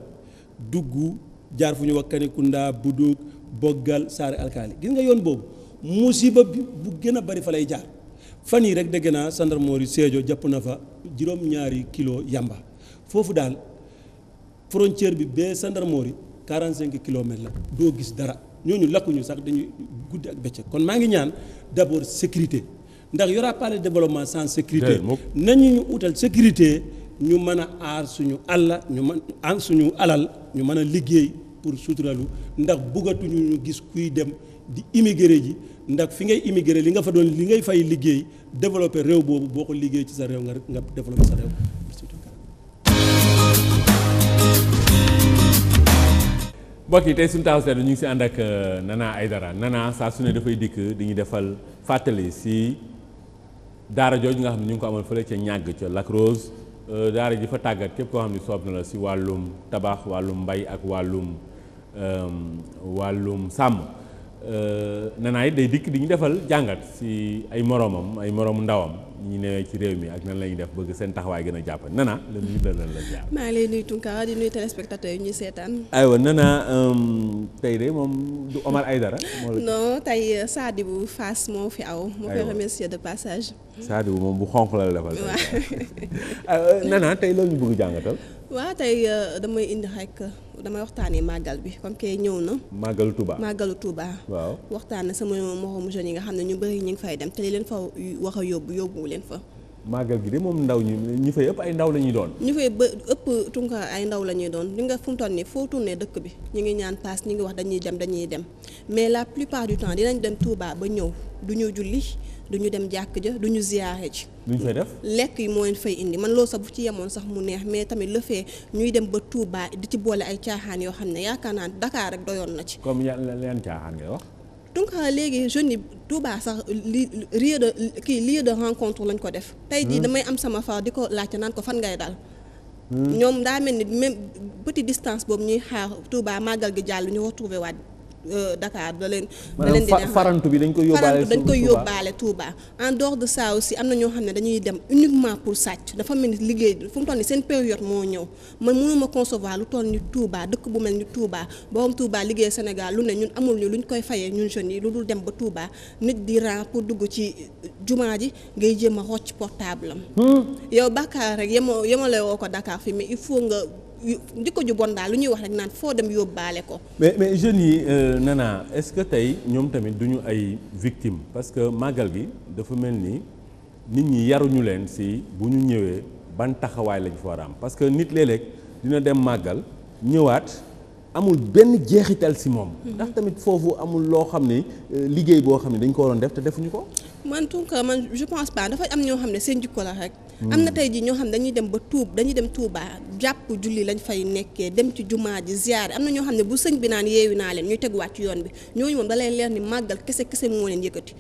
dugg jaar fu ñu wax Kanikunda Budug Boggal Saare Alkaali gis nga yoon boobu musiba bi bu gën a bari fa lay jaar fan yii rek dégg naa sandarmory Sédhiou jàpp na fa juróom-ñaari kilo yamba foofu daal frontière bi bee gendarmerie 45 kilomètres la doo gis dara. ñooñu lakkuñu sax dañuy guddi ak bëccëg kon maa ngi ñaan d'abord sécurité ndax y aura développement sans sécurité nañu ñu utal sécurité ñu mën a aar suñu àll ñu mën aar suñu alal ñu mën a liggéey pour suturalu ndax buggatuñu ñu gis kuy dem di immigré ji ndax fi ngay immigré li nga fa doon li ngay fay liggéey développé réew boobu boo ko liggéey ci sa réew nga nga développé sa réew
mbokk yi tey suñu taxaw seetlu ñu ngi si ànd ak euh, Nana Aidara Nana saa su dafay dikk di ñu defal fàttali si daara jooju nga xam ne ñu ngi ko amal fële ca ñàgg ca Lac Rose euh, daara ji fa tàggat képp ko xam ni soob na la si wàllum tabax wàllum mbay ak wàllum euh, wàllum sàmm. Euh, nanaay day dikk di ñu defal jàngat si ay moroomam ay moromu ndawam ñu newee ci réew mi ak nan la ñuy def bëgg seen taxawaay gën a jàppal nana la nuyu la lan la jaar.
maa ngi lay nuyu Tunkara di nuyu téléspectateurs yi ñuy seetaan.
aywa nana euh, tey de moom du Omar Aydara.
non tey euh, Sadibou Fass moo fi aw. moo koy remercier de passage.
Sadibou moom bu xonq la la defal. waaw *laughs* nana tey loolu ñu bëgg jàngatal.
waaw tey euh, damay indi rek damay waxtaanee màggal bi comme que ñëw na.
màggalu Touba màggalu Touba. waaw
waxtaanee sama moromu jeunes yi nga xam ne ñu bëri ñu ngi fay dem te li leen fa wax a yóbbu yóbbu leen fa.
màggal gi de moom ndaw ñu ñu fay ëpp ay ndaw la ñuy doon.
ñu fay ba ëpp tunka ay ndaw la ñuy doon li nga fu mu nii foo tourné dëkk bi ñu ngi ñaan paas ñu ngi wax dañuy dem dañuy dem mais la plupart du temps dinañ dem Touba ba ñëw du ñu julli. du ñu dem jàkk ja du ñu ziyaare ji duñ fay def lekk yi mooy leen fay indi man loo sax bu ci yemoon sax mu neex mais tamit le fait ñuy dem ba Touba di ci boole ay caaxaan yoo xam ne yaakaar naa Dakar rek doyoon na ci.
comme yan caaxaan ngay wax.
donc euh, léegi jeunes yi sax li lieu de kii lieu de rencontre lañ ko def. tey jii hmm. damay am sama far di ko laajte naan ko fan ngay dal. Hmm. ñoom daa mel ni même petit distance boobu ñuy xaar Touba màggal gi jàll ñu retrouvé waat Euh, Dakar da leen. da leen farantu
bi dañ koy yóbbaale. dañ
en dehors de ça aussi am na ñoo xam ne dañuy dem uniquement pour sàcc dafa mel ni liggéey fu mu toll ni seen moo ñëw man mënuma concevoir lu toll ni Touba dëkk bu mel ni Touba borom Touba liggéey Sénégal lu ne ñun amul ñu luñ koy fayee ñun jeunes yi lu dul dem ba Touba nit di ran pour dugg ci jumaa ji ngay jéem a rocc portable am. Hmm? yow Bakar rek yemoo yemalewoo ko Dakar fii mais il faut nga. jikko ju bon daal lu ñuy wax rek naan foo dem yóbbaale ko.
mais mais jeunes yi euh, Nana est ce que tey ñoom tamit du ñu ay victimes parce que màggal gi dafa mel ni nit ñi yaruñu leen si bu ñu ñëwee ban taxawaay lañu fa war a am parce que nit léeg-léeg dina dem màggal ñëwaat. amul benn jeexital ci moom. Mhm. ndax tamit foofu amul loo xam ne euh, liggéey boo xam ne dañ ko waroon def te defuñu ko.
man tout cas man je pense pas dafa am ñoo xam ne seen jikko la rek. am na mm. tey ji ñoo xam ne dañuy dem ba tuub dañuy dem Touba jàpp julli lañ fay nekkee dem ci jumaa ji ziyaare am na ñoo xam ne bu sëñ bi naan yeewi naa leen ñuy teg ci yoon bi ñooñu moom da leen leer ni màggal kese kese moo leen yëkkati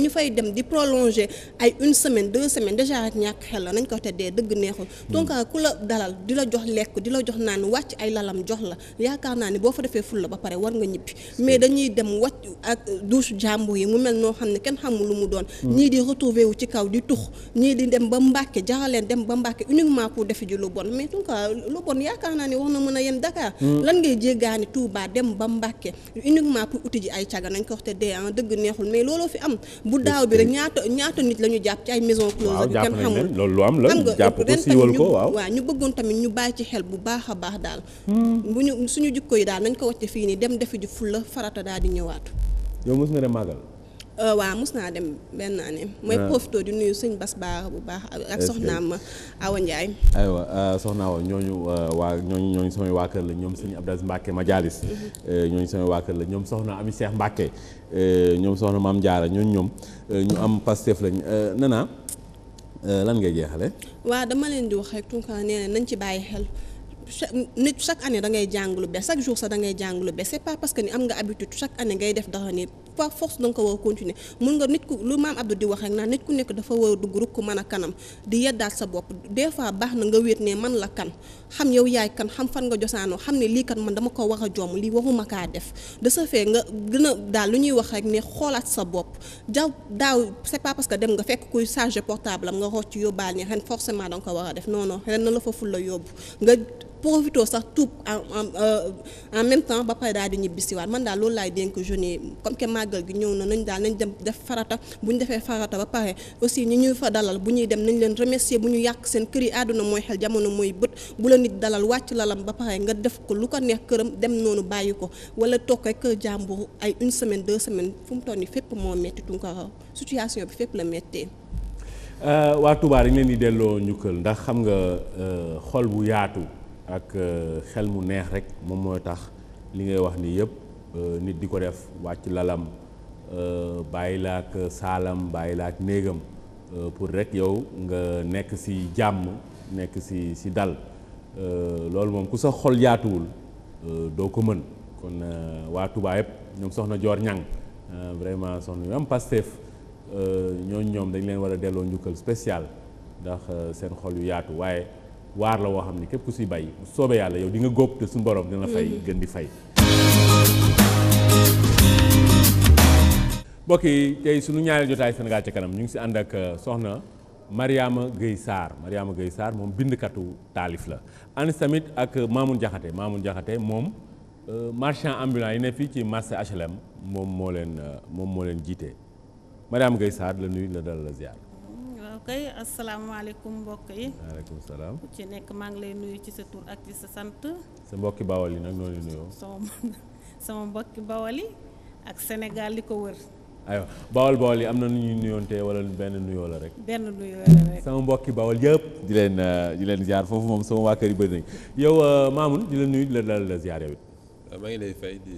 ñu fay dem di prolonger ay une semaine deux semaines déjà ak ñàkk xel la nañ ko te dee dëgg neexul mm. donc ah, ku la dalal di la jox lekk di la jox naan wàcc ay lalam jox la yaakaar naa ni boo fa defee ful la ba pare war nga ñibbi mais dañuy dem wàcc ak douche jàmbur yi mu mel noo xam ne kenn xamul lu mu doon mm. ñii di retrouver wu ci kaw di tux ñii di dem ba Mbàkke jaraleen dem ba Mbàkke uniquement pour defi lu bon mais en tout cas lu bon yaakaar naa ne wax na mën a yem Dakar hmm. lan ngay jéggaani Touba dem ba Mbàkke uniquement pour uti ji ay caga nañ ko wax te dee ah, dëgg neexul mais looloo fi am bu daaw bi rek ñaata ñaata nit la ñu jàpp ci ay maison close
loolu lu am la jàpp ko siiwal ko waaw waaw
ñu bëggoon tamit ñu bàyyi ci xel bu baax a baax daal hmm. bu ñu suñu jikko yi daal nañ ko wàcce fii nii dem defi ji fulla farata daal di ñëwaat
yow mës nga dem màggal
Euh, waaw mos naa dem benn année. mooy profito di nuyu sëñ Bas Baara bu baax. ak soxnaam Awa Ndiaye.
aywa euh, soxna Awa ñooñu euh, waa ñooñu ñooñu samay waa kër la ñoom sëñ Abdou Aziz Mbacke Majalis. Mhm. ñooñu samay waa kër la ñoom soxna Ami Cheikh Mbacke. ñoom soxna am Diarra ñooñ ñoom ñu am Pastef lañ nana lan ngay jeexale.
waaw nee nañ ci bàyyi xel. nit chaque année da ngay jàng lu bees chaque jour sax da ngay jàng lu bees c'est pas parce que ni am nga habitude chaque année ngay def dara ni force da nga ko war a nit ku lu maam Abdou di wax rek naa nit ku nekk a dugg rek a kanam di yeddaat baax na nga wéet ne man la kan xam yow yaay kan xam fan nga josaanoo xam ne lii kan man dama ko war a jomm lii waruma kaa def de gën daal lu ñuy wax rek ne xoolaat sa bopp jaw daaw c'est parce que dem nga fekk kuy charger portable am nga rocc yóbbaal ni ren forcément da nga ko war a non na la fa ful la yóbbu nga profitoo sax tuub en en euh, en même temps ba pare daal di ñibbisiwaat man daal loolu laay dénk jeune yi comme que màggal gi ñëw na nañ daal nañu dem def farata bu ñu defee farata ba pare aussi ñu ñuy fa dalal bu ñuy dem nañ leen remercier bu ñu yàq seen kër yi àdduna mooy xel jamono mooy bët bu la nit dalal wàcc lalam ba pare nga def ko lu ko neex këram dem noonu bàyyi ko wala toog rek kër jàmbur ay une semaine deux semaines fu mu toll nii fépp moo metti Tunkara situation bi fépp la méttee.
Euh, waa Touba dañ leen di delloo njukkal ndax xam nga euh, xol bu yaatu. ak euh, xel mu neex rek moom mooy tax li ngay wax nii yëpp euh, nit di ko def wàcc lalam euh, bàyyi la ak saalam bàyyi la ak néegam pour rek yow nga nekk ci jàmm nekk ci ci dal loolu moom ku sa xol yaatuwul doo ko mën kon waa Touba yëpp ñoom soxna Joor Ñang vraiment soxna yu am Pastef ñooñu ñoom dañ leen war a delloo njukkal spécial ndax seen xol yu yaatu waaye waar la woo xam ni képp ku siy bàyyi bu soobee yàlla yow di nga góob te suñu borom dina la fay mm-hmm. gën di fay. mbokk yi tey suñu ñaareel jotaay Sénégal ca kanam ñu ngi si ànd ak euh, soxna Mariama Guèye Sarr Mariama Guèye Sarr moom bindkatu taalif la ànd tamit ak Mamoun Diakhaté Mamoun Diakhaté moom euh, marchand ambulant yi ne fii ci marché HLM moom moo leen euh, moom moo leen jiite Mariama Guèye Sarr la nuyu la dal la
ok asalaamaaleykum mbokk yi. waaleykum salaam. ci nekk maa ngi lay nuyu ci sa tur ak ci sa sant.
sa mbokki bawal yi nag noonu nuyoo.
sama sama mbokki bawal yi ak Sénégal li ko wër.
aywa bawal bawal yi am na nu ñuy nuyoonte wala benn nuyoo la rek.
benn nuyoo la
rek. sama mbokki bawal yëpp di leen di leen ziar foofu moom sama waa kër yi bëri nañ yow euh, Mamoun di la nuyu di la dalal la ziar yow it.
Ah, maa ngi lay fay di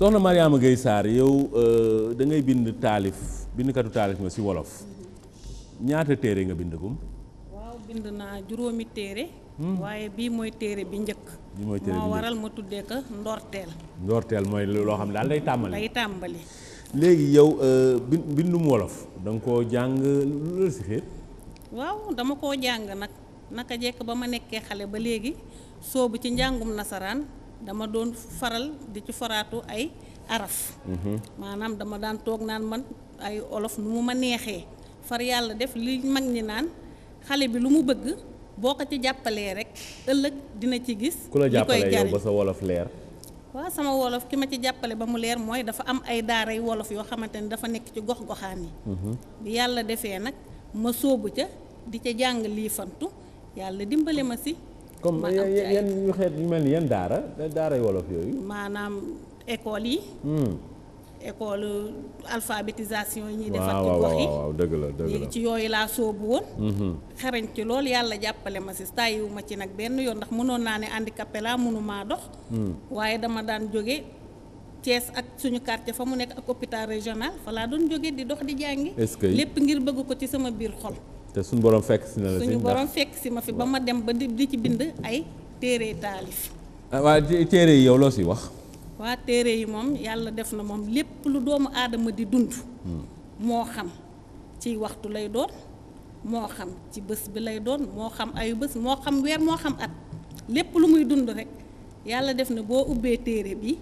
soxna Mariama Gueye yow euh, da ngay bind taalif bindkatu taalif wolof. ñaata téere nga bindagum.
waaw bind naa juróomi téere. Hmm. waaye bii mooy téere bi njëkk.
bi njëkk moo waral
ma tuddee ko ndoorteel
ndorteel mooy loo xam daal day tàmbali. day tàmbali. léegi yow euh, bindum wolof da nga koo jàng lu la si xeet.
waaw dama koo jàng nag naka jekk ba ma nekkee xale ba léegi soobu ci njàngum nasaraan dama doon faral di ci faraatu ay araf. Mhm. maanaam dama daan toog naan man ay olof nu mu ma neexee. far yàlla def li mag ñi naan xale bi lu mu bëgg boo ko ci jàppalee rek ëllëg dina ci gis. ku la jàppalee yow ba sa wolof leer. waaw sama wolof ki ma ci jàppale ba mu leer mooy dafa am ay daaray wolof yoo xamante ni dafa nekk ci gox-goxaan yi. Mhm. yàlla defee nag ma sóobu ca di ca jàng liifantu yàlla dimbale ma si. comme yan
yu xeet yu mel ni yan daara daaray wolof yooyu.
maanaam école yi. Hmm. école alphabétisation yi ñuy defar ci gox
dëgg la dëgg la ci
yooyu laa soobu woon mhm. xarañ ci lool yàlla jàppale ma si tàyyiwu ma ci nag benn yoon ndax mënoon naa ne handicapé laa mënumaa dox hmm. waaye dama daan jóge Thiès ak suñu quartier fa mu nekk ak hôpital régional fa laa doon jóge di dox di jàngi lépp ngir bëgg ko ci sama biir xol
te suñu borom fekk si
fekk si ma fi ba ma dem ba di di ci bind ay téere taalif
ah, waaw téere yi yow loo si wax
waa téere yi moom yàlla def na moom lépp lu doomu aadama di dund moo xam ci waxtu lay doon moo xam ci bés bi lay doon moo xam ayu bés moo xam weer moo xam at lépp lu muy dund rek yàlla def na boo ubbee téere bi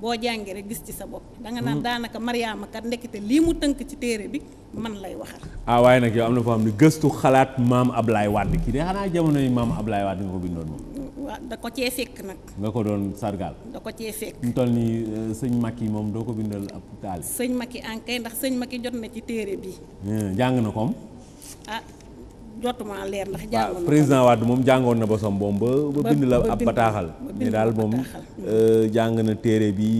boo jàngee gis ci sa bopp danga naan hmm. daanaka Mariama kat ndekete lii mu tënk ci téere bi man lay waxal
ah waaye nag yow am na foo xam ne gëstu xalaat maam ab Ablaye Wade kii de xanaa jamono yi maam Ablaye Wade nga ko bindoon moom
waaw da ko cee fekk nag.
nga ko doon sargal.
da ko cee fekk.
mu toll nii eh, sëñ Macky moom doo ko bindal ab taali.
sëñ Macky ankay ndax sëñ Macky jot na ci téere bi.
Eh, jàng na koom.
ah jotuma leer ndax. jàng président
Wade moom jàngoon na ba som boom ba. ba bind la ab bataaxal. ne daal moom eh, jàng na téere bi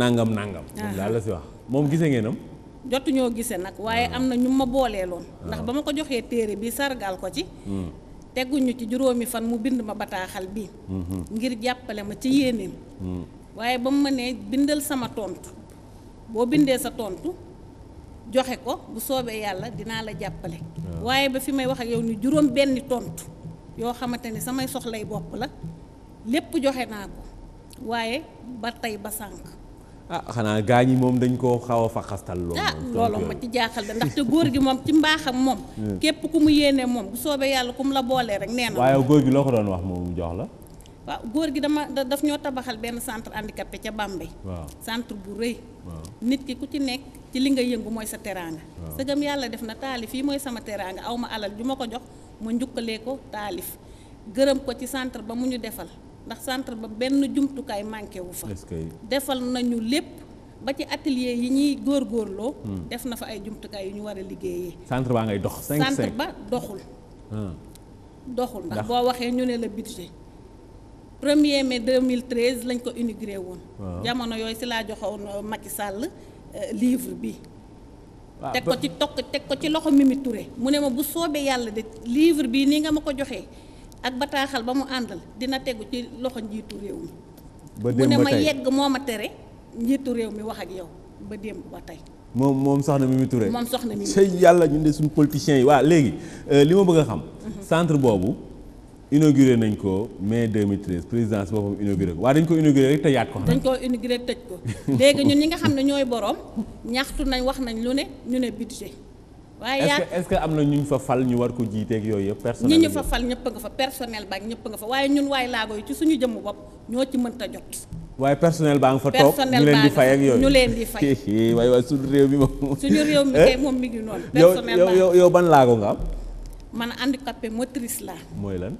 nangam nangam. Ah. moom daal la si wax moom gisee ngeenam
jotuñoo gisee nag waaye ah. am na ñu ma booleeloon. ndax ah. ba ma ko joxee téere bi sargal ko ci. Hmm. teguñu ci juróomi fan mu bind ma bataaxal bi
mhm. ngir
jàppale ma ci yéeneem mhm. waaye ba mu ma nee bindal sama tontu boo bindee sa tontu joxe ko bu soobee yàlla dinaa la jàppale waaye ba fi may wax ak yow ni juróom benni tontu yoo xamante ne samay soxlay bopp la lépp joxe naa ko waaye ba tey ba sànq ah
xanaa gaañ yi moom dañ koo xaw a faxastal ah, loolu ah ma
ci euh, jaaxal *laughs* ndax te góor gi moom ci mbaaxam moom hmm. képp ku mu yéenee moom bu soobee yàlla ku mu la boolee rek nee na waaye góor
gi loo ko doon wax moom jox la
waaw góor gi dama daf ñoo tabaxal benn centre handicapé ca Bambey waaw centre bu rëy nit ki ku ci nekk ci li nga yëngu mooy sa teraanga sëgam yàlla def na taalif yi mooy sama teraanga awma alal ju ma ko jox ma njukkalee ko taalif gërëm ko ci centre ba mu ñu defal ndax centre ba benn jumtukaay manqué wu fa defal nañu lépp ba ci atelier yi ñuy góor góorloo hmm. def na fa ay jumtukaay yu ñu war a liggéeyee
centre baa ngay dox centre
ba doxul hmm. doxul ndax boo waxee ñu ne la budget premier mai 2013 lañ ko inauguré woon jamono yooyu si laa joxoon euh, Macky Sall euh, livre bi ah, teg ko ci tokk teg ko ci loxo Mimi ture mu ne ma bu soobee yàlla de livre bii nii nga ma ko joxee ak bataaxal ba mu àndal dina tegu ci loxo njiitu réew mi mu ne ma yegg ma tere njiitu réew mi wax ak yow ba démb ba tey
moom moom soxna mu Touré moom soxna Mimi Touré yàlla ñun de suñu politiciens yi waa léegi euh, li ma bëgg a xam mhm. centre boobu inauguré nañ ko mai 2013 présidence boppam inauguré ko waaw dañ ko inauguré rek tëjaat ko. dañ
ko inauguré tëj ko *laughs* léegi ñun ñi nga xam ne ñooy borom ñaxtu nañ wax nañ lu ne ñu ne budget waaye yaa
est-ce que am na ñu ñu fa fal ñu war ko jiiteeg yooyu yëpp. personnel ñi ñu fa fal
ñëpp nga fa personnel ba ak ñëpp nga fa waaye ñun waay laago yi ci suñu jëmm bopp ñoo ci mënta
baa nga fa toog ñu leen di fay ak *laughs* yooyu ñu fay waaye waaye suñu réew mi moom. *laughs* suñu réew mi eh? kay moom
mi ngi noonu. personnel yow yow
yow ban laago nga am.
man handicapé motrice laa. mooy lan.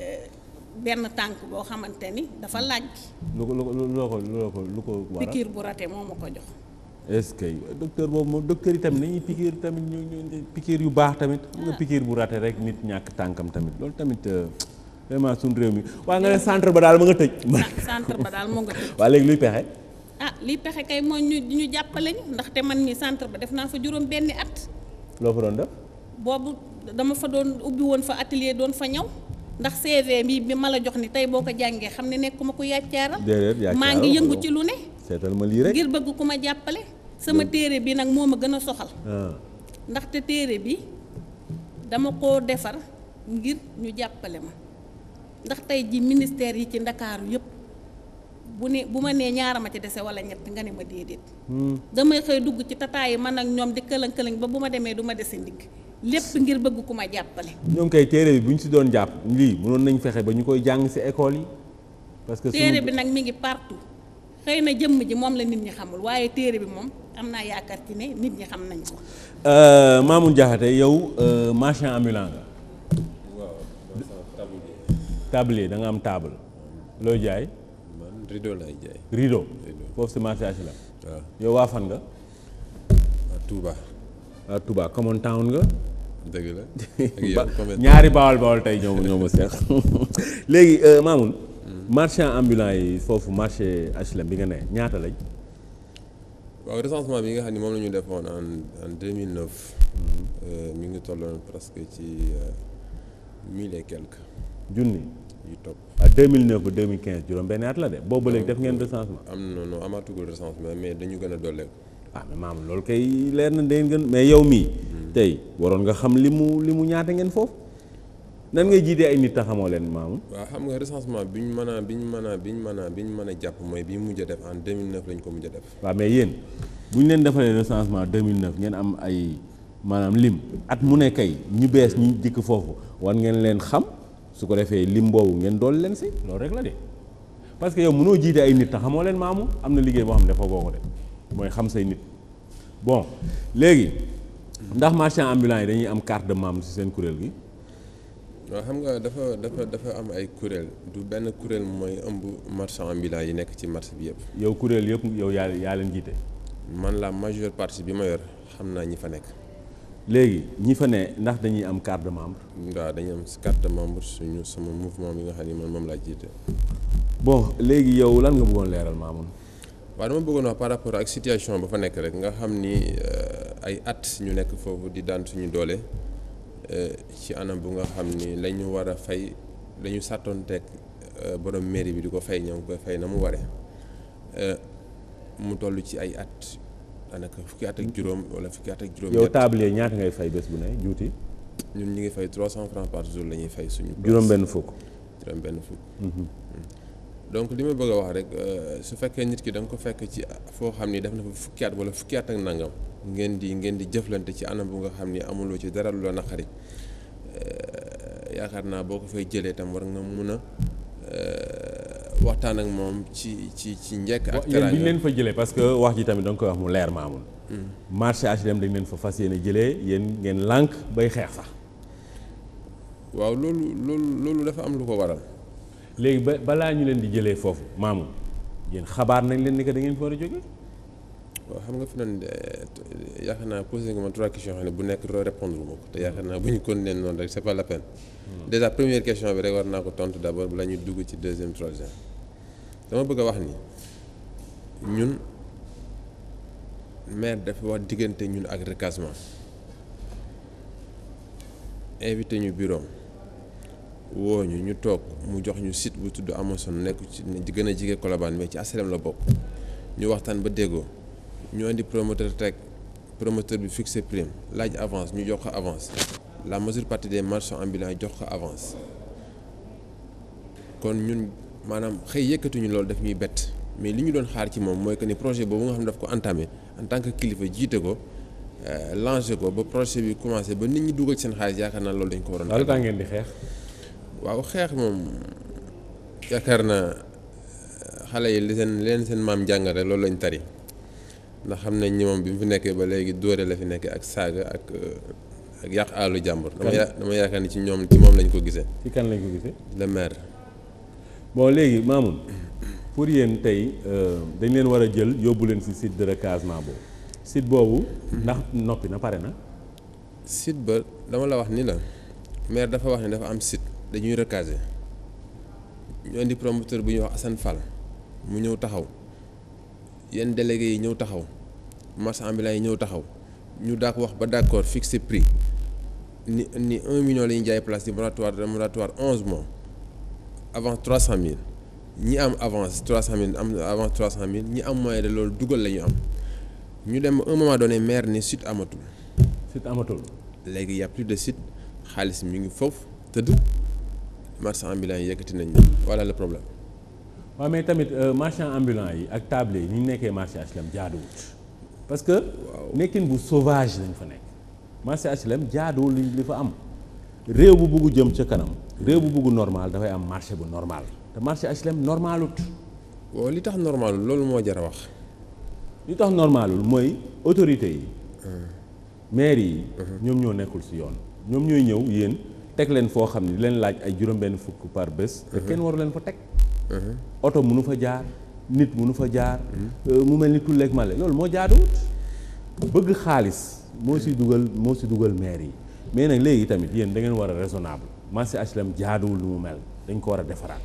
Eh, benn tànk boo xamante ni dafa laaj.
lu ko lu ko lu ko lu ko. pikiir
bu rate moo ma ko jox.
est-ce que docteur boobu moom docteur yi tamit nañuy piqûre tamit ñu ñu piqûre yu baax tamit xam nga ah. piqûre bu raté rek nit ñàkk tànkam tamit loolu tamit euh, vraiment suñu réew mi waa nga ne centre ba daal ma nga tëj. Ah,
centre ba daal moo nga tëj.
*laughs* waa léegi luy pexe.
ah liy pexe kay mooy ñu ñu jàppale ñu ndaxte man mi centre ba def naa fa juróom benni at. loo fa doon def. boobu dama fa doon ubbi woon fa atelier doon fa ñaw ndax CV bi bi ma la jox ni tey boo ko jàngee xam ne nekkuma ko yàccaaral. maa ngi yëngu ci lu ne.
seetal ma lii rek. ngir
bëgg ku ma jàppale. sama téere bi nag moo ma gën a soxal. Ah. ndaxte téere bi dama ko defar ngir ñu jàppale ma ndax tey ji ministère yi ci ndakaaru yëpp bu ne bu ma nee ñaara ma ci dese wala ñett nga ne ma déedéet. Hmm. damay xëy dugg ci tataayi man ak ñoom di këlan këlan ba bu ma demee du ma dese ndigg lépp ngir bëgg ku ma jàppale.
ñoom kay téere bi bu ñu si doon jàpp lii mënoon nañ fexe ba ñu koy jàng si école yi. téere bi
nag mi ngi partout. xëy na jëmm ji moom la nit ñi xamul waaye téere bi moom am naa yaakaar ci ne nit ñi xam nañ ko.
Euh, Mamoune yow euh, marchand ambulant nga. waaw tablier. tablier am table. looy jaay.
man rideau laay
jaay. yow waa fan nga. waa tubaa waa Touba common town nga. la *laughs* ñaari bawal bawal tey ñoo ma ñoo seex *laughs* léegi euh, Mamoune. marchand ambulant yi foofu marché HLM bi nga ne ñaata lañ.
waaw recensement bi nga xam ne moom la def defoon en en 2009 euh, mi ngi tolloon presque ci euh, mille et quelques. junni yu topp.
ah 2009 ba 2015 juróom-benn la de boobu léegi def ngeen
recensement. am na non amaatugul recensement mais dañu gën a dolleeku. ah mais maam
loolu kay leer na dangeen gën mais yow mii. Hmm. tey waroon nga xam li mu li mu ñaata ngeen foofu. nan ngay jiitee ay nit taxamoo leen maamu.
waaw xam nga recensement bi ñu mën a bi ñu mën a bi ñu mën a bi ñu mën a jàpp mooy bi mujj a def en 2009 lañ ko mujj a def.
waaw mais yéen bu ñu leen defalee recensement 2009 ngeen am ay maanaam lim at mu ne kay ñu bees ñu dikk foofu war ngeen leen xam su ko defee lim boobu ngeen dool leen si loolu rek la de parce que yow mënoo jiite ay nit taxamoo leen maamu am na liggéey boo xam ne foogoo ko de mooy xam say nit bon léegi ndax marchand ambulant yi dañuy am carte de membre si seen kuréel gi.
waaw xam nga dafa dafa dafa am ay kuréel du benn kuréel mooy ëmb marchand ambulant yi nekk ci marché bi yëpp. yow kuréel yëpp yow yaa yaa leen jiite. man laa majeure partie bi ma yor xam naa ñi fa nekk.
léegi ñi fa ne ndax
dañuy am carte de membre. waaw dañuy am carte de suñu sama mouvement bi nga xam ne man moom laa jiite. bon léegi yow lan nga bëggoon leeral Mamoun. waaw dama bëggoon wax par rapport ak situation ba fa nekk rek nga xam ni euh, ay at ñu nekk foofu di daan suñu doole. Euh, ci anam bu nga xam ni la ñu war a fay lañu ñu sàttoon teg euh, borom mairie bi di ko fay ñoo ngi koy fay na mu waree euh, mu toll ci ay at daanaka fukki at ak juróom wala fukki at ak juróom. yow tablier
ñaata ngay fay ne juuti.
ñun ñu ngi fay 300 francs par jour la ñuy fay suñu. juróom-benn fukk benn fukk. Mhm. Mm. donc li ma bëgg a wax rek su fekkee nit ki da nga ko fekk ci foo xam ni def na fa fukki at wala fukki at ak nangam. ngeen di ngeen di jëflante ci anam bu nga xam ni amuloo ci dara lu la naqari eh, yaakaar naa boo ko fay jëlee tam war nga mun a eh, waxtaan ak moom ci ci ci njëkk. ak teraanga yéen bi leen fa jëlee parce que wax ji tamit da nga
koy wax mu leer Mamoune. Hmm. marché HLM dañ leen fa fas yéene jëlee yéen ngeen lànk bay xeex sax. waaw loolu loolu loolu dafa am lu ko waral. léegi ba
balaa ñu leen di jëlee foofu Mamoune yéen xabaar nañ leen ni que da ngeen fa war a jóge waaw xam nga fi naan yaakaar naa posé nga ma trois questions xam ne bu nekk répondre ma ko te yaakaar naa bu ñu continuer noonu rek c'est pas la peine hmm. déjà première question bi rek war naa ko tontu d'abord balaa ñuy dugg ci deuxième troisième dama bëgg a wax ni ñun maire dafay wax diggante ñun ak recasement invité ñu bureau woo ñu ñu toog mu jox ñu site bu tudd Amazon nekku ci gën a jige Colobane mais ci asalem la bokk ñu waxtaan ba déggoo ñu indi promoteur teg promoteur bi fixe prime laaj avance ñu jox ko avance la majeure partie des marchands ambulants jox ko avance kon ñun maanaam xëy yëkkatuñu loolu daf ñuy bett mais li ñu doon xaar ci moom mooy que ni projet boobu nga xam ne daf ko entamé en tant que kilifa jiite ko euh, lancé ko ba projet bi commencé ba nit ñi dugal seen xaalis yaakaar naa loolu dañ ko waroon. waaw daa ngeen di xeex. waaw xeex moom yaakaar naa euh, xale yi li seen leen seen maam jàngale loolu lañ tari. ndax xam nañ ni moom bi mu fi nekkee ba léegi dóore la fi nekkee ak saaga ak euh, ak allu àllu jàmbur. dama dama yaakaar ni ci ñoom ci moom lañ ko gisee. ci kan lañ ko gisee. le maire.
boo léegi Mamoun pour yéen tey euh, dañ leen war a jël yóbbu leen si site de recasement boobu site boobu. ndax noppi
na pare na. site ba dama la wax ni la maire dafa wax ne dafa am site dañuy recaser ñu indi promoteur bu ñuy wax Assane Fall mu ñëw taxaw. yenn délégués yi ñëw taxaw marchands ambulants yi ñëw taxaw ñu daak wax ba d'accord fixe prix ni ni un million la ñuy jaay place di moratoire moratoire onze mois avance trois cent mille ñi am avance trois cent mille am avance trois cent mille ñi am moyen de loolu dugal la ñu am ñu dem un moment donné maire ni site amatul. site amatul. léegi y de site xaalis mi ngi foofu tëdd marchands ambulants yi nañ voilà le problème.
waaw mais tamit euh, marchand ambulant yi ak table yi ni ñu nekkee marché HLM jaaduwut parce que nekkin bu sauvage lañ fa nekk marché HLM jaaduwul li fa am réew bu bugg jëm ca kanam réew bu bugg normal dafay am marché bu normal te marché HLM normalut waaw li tax normalul loolu moo jar a wax li tax normalul mooy autorité yi hmm. maire yi hmm. ñoom ñoo nekkul si yoon ñoom ñooy ñëw yéen teg leen foo xam ne di leen laaj ay juróom-benn fukk par bés te hmm. kenn waru leen fa teg oto munu fa jaar nit munu fa jaar euh, mu mel ni tulleeg male loolu moo jaaduwut bëgg xaalis moo si dugal moo si dugal maire yi mais nag léegi tamit yéen da ngeen war a raisonnable marché HLM jaaduwul lu mu mel dañ ko war a defaraat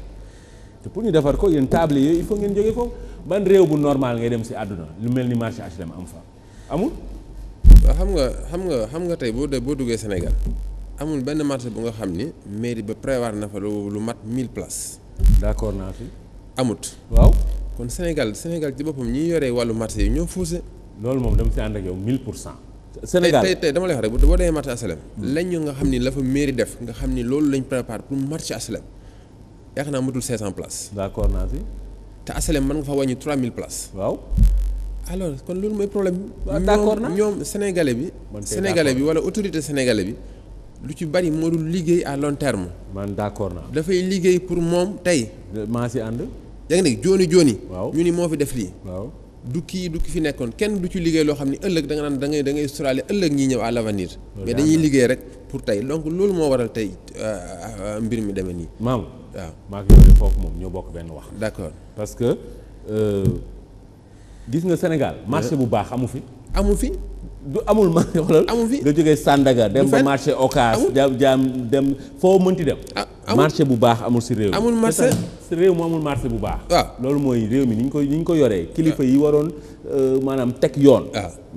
te pour ñu defar ko yéen table yooyu foo ngeen jóge ko ban réew bu normal ngay dem si àdduna lu mel ni marché HLM am fa
amul xam nga xam nga xam nga tey boo de boo duggee Sénégal amul benn marché bu nga xam ni mairie ba prévoir na fa lu lu mat 1000 d'accord naa fi. amut waaw. kon Sénégal Sénégal ci boppam ñuy yoree wàllu marché yi ñoo fuuse. loolu moom dama si ànd ak yow 1000 pour cent. Sénégal tey tey dama lay wax rek boo demee marché asalem. lañ nga xam ni la fa mairie def nga xam ni loolu lañ prépare pour marché asalem yaakaar naa matul 500 places. d'accord naa si. te asalem mën nga fa wàññi mille places. waaw. alors kon loolu mooy problème. d'accord na ñoom Sénégalais bi. Sénégalais bi wala autorité Sénégalais bi. lu ci bari moo dul liggéey à long terme. man d'accord naa. dafay liggéey pour moom tey. maa si ànd. yaa ne dégg jooni jooni. waaw ñu ni moo fi def lii. waaw yi kii fi nekkoon kenn du ci liggéey loo xam ne ëllëg danga nga naan da ngay da ngay sóoraale ëllëg ñi ñëw à l'avenir mais dañuy liggéey rek pour tey donc loolu moo waral tey euh, mbir mi demee nii. maam waaw maa ngi leen moom ñoo bokk benn wax. d'accord parce que euh, gis nga Sénégal marché euh. bu
baax amu fi. amu fi. du amul ma xoolal. *laughs* amul fi nga jógee Sandaga dem ba marché Ocass. jaam jaam dem foo mënti dem. Ah, marché bu baax amul si réew mi. amul marché réew mu amul marché bu baax. waaw ah. loolu mooy réew mi ni ñu ko ni ñu ko yoree. Ah. kilifa yi waroon euh, maanaam teg yoon.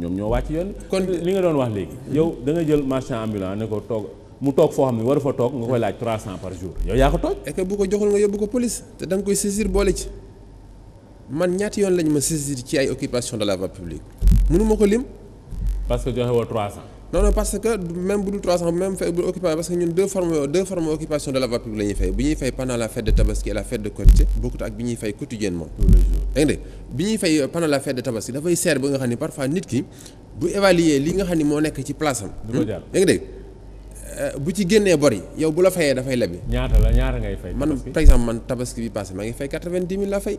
ñoom ñoo wàcc yoon. kon li nga doon wax léegi. yow da nga jël marchand ambulant ne ko toog
mu toog foo xam ne waru fa toog nga koy laaj 300 par jour yow yaa ko toog. est bu ko joxul nga yóbbu ko police te da nga koy saisir boole ci man ñaati yoon lañ ma saisir ci ay occupation de la voie ma ko lim. parce que joxe woo 300. non non parce que même bu dul 300 même fay bu occupation parce que ñun deux formes deux formes occupation de la voie bi ñuy fay quotidiennement. yaa tabaski dafay seer ba nga xam ne parfois nit ki bu évaluer li nga xam ne moo nekk ci place am. du ko jàll euh, bu ci génnee bor yow bu la fayee dafay lebi. ñaata la ñaata ngay fay. man par exemple man tabaski bi passé maa ngi fay 90 000 la fay.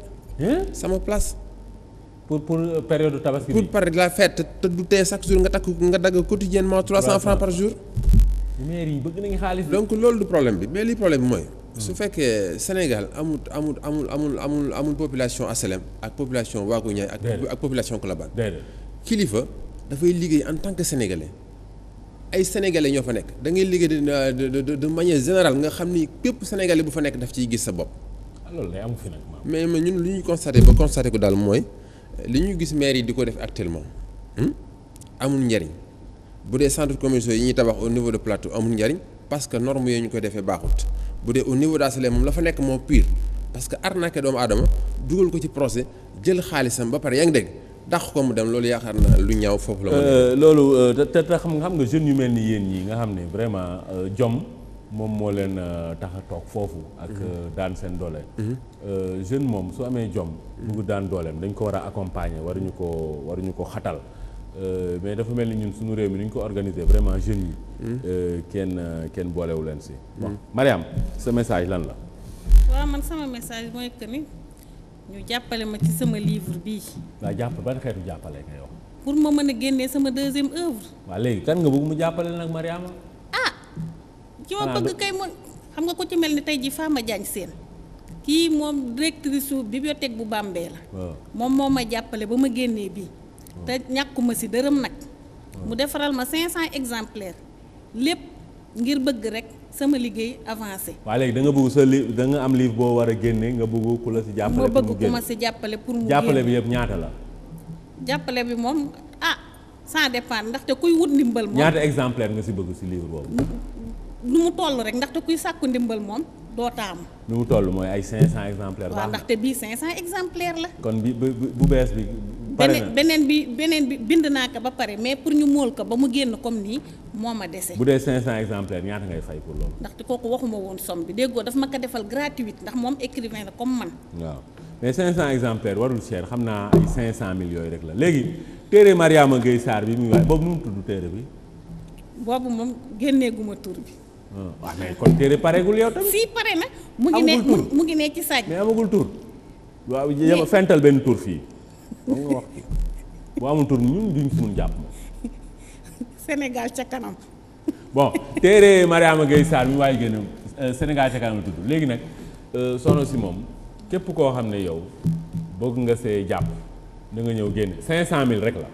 sama place. pour pour euh, période tabaski pour par la fête te du tee chaque jour nga takk nga dagg quotidiennement 300 francs par jour. xaalis. donc loolu du problème bi mais li problème bi mooy. su fekkee Sénégal amul amul amul amul amul amul population HLM ak population Waagu Ñaay ak ak population Colobane. kilifa dafay liggéey en tant que sénégalais. ay sénégalais ñoo fa nekk da ngay liggéey de de de manière générale nga xam ni képp sénégalais bu fa nekk daf ciy gis sa bopp. Ah, loolu day am fi nag ñun lu ñu constaté ba constaté ko daal mooy. li ñu gis maire yi di ko def actuellement hmm, amul njariñ bu dee centres commerciaux yi ñuy tabax au niveau de plateau amul njariñ parce que norme yooyu ñu koy defee baaxut bu dee au niveau d'Asile moom la fa nekk moo pire parce que arnaqué doomu aadama dugal ko ci procès jël xaalisam ba pare yaa ngi dégg dàq ko mu dem loolu yaakaar naa lu ñaw foofu la. Euh,
loolu euh, te te xam nga xam nga jeunes yu mel ni yéen ñi nga xam ne vraiment euh, jom. moom moo leen euh, tax a toog foofu ak mhm. euh, daan seen doole mhm. euh, jeune moom su amee jom mhm. bugg daan dooleem dañ ko war a accompagner waruñu ko waruñu ko xatal mais dafa mel ni ñun suñu réew mi ni ñu ko organiser vraiment jeunes yi kenn kenn boolewu leen si bon Mariam sa message lan la
waaw man sama message mooy que ni ñu jàppale ma ci sama livre bii waaw
jàpp ban xeetu jàppale ngay wax
pour ma mën a génnee sama deuxième œuvre
waaw léegi kan nga bëgg mu nag Mariama
ki ma ah, bëgg kay mun xam nga ko ci mel ni tey ji Fama Diagne seen kii moom directrice su bibliothèque bu Bambey la moom moo ma jàppale ba ma génnee bii te ñàkkuma si dërëm nag mu defaral ma cinq cent exemplaires lépp ngir bëgg rek sama liggéey avancé
waaw léegi da nga bëgg sa li da nga am livre boo war a génnee nga bëgg ku la si jàppale ma bëgg ku ma
jàppale pour jàppale bi yëpp ñaata la jàppale bi moom ah sans dépendre ndaxte kuy wut ndimbal moom ñaata
exemplaire nga si bëgg si livre
lu mu toll rek ndaxte kuy sàkku ndimbal moom doo taamu.
nu mu toll mooy ay 500 exemplaires. waaw ndaxte
bii cinq 500 exemplaires la.
kon bi bu bees bi. na
beneen bi beneen bi bind naa ko ba pare mais pour ñu mool ko ba mu génn comme nii moom a dese. bu dee
cinq 500 exemplaires ñaata ngay fay pour loolu.
ndaxte kooku waxuma woon somme bi déggoo daf ma ko defal gratuite ndax moom écrivain la comme man.
waaw mais 500 exemplaires warul cher xam naa ay 500000 yooyu rek la léegi téere Mariama Gueye Sarr bi muy waay boobu nu mu tudd téere bi.
boobu moom génneeguma tur bi.
waa mais kon téere pareegul yow tamit.
fii pare na mu ngi ne mu ngi ne ci saaj. mais amagul tur.
waaw fental benn tur fii. boo nga wax ci bu amul tur mun jàpp moom.
Sénégal ca kanam.
bon téere Mariama Gueye Sarr mi waaye génn euh, Sénégal ca kanam la tudd léegi nag euh, sono si moom képp koo xam ne yow bëgg nga see jàpp na nga ñëw génne mille rek la.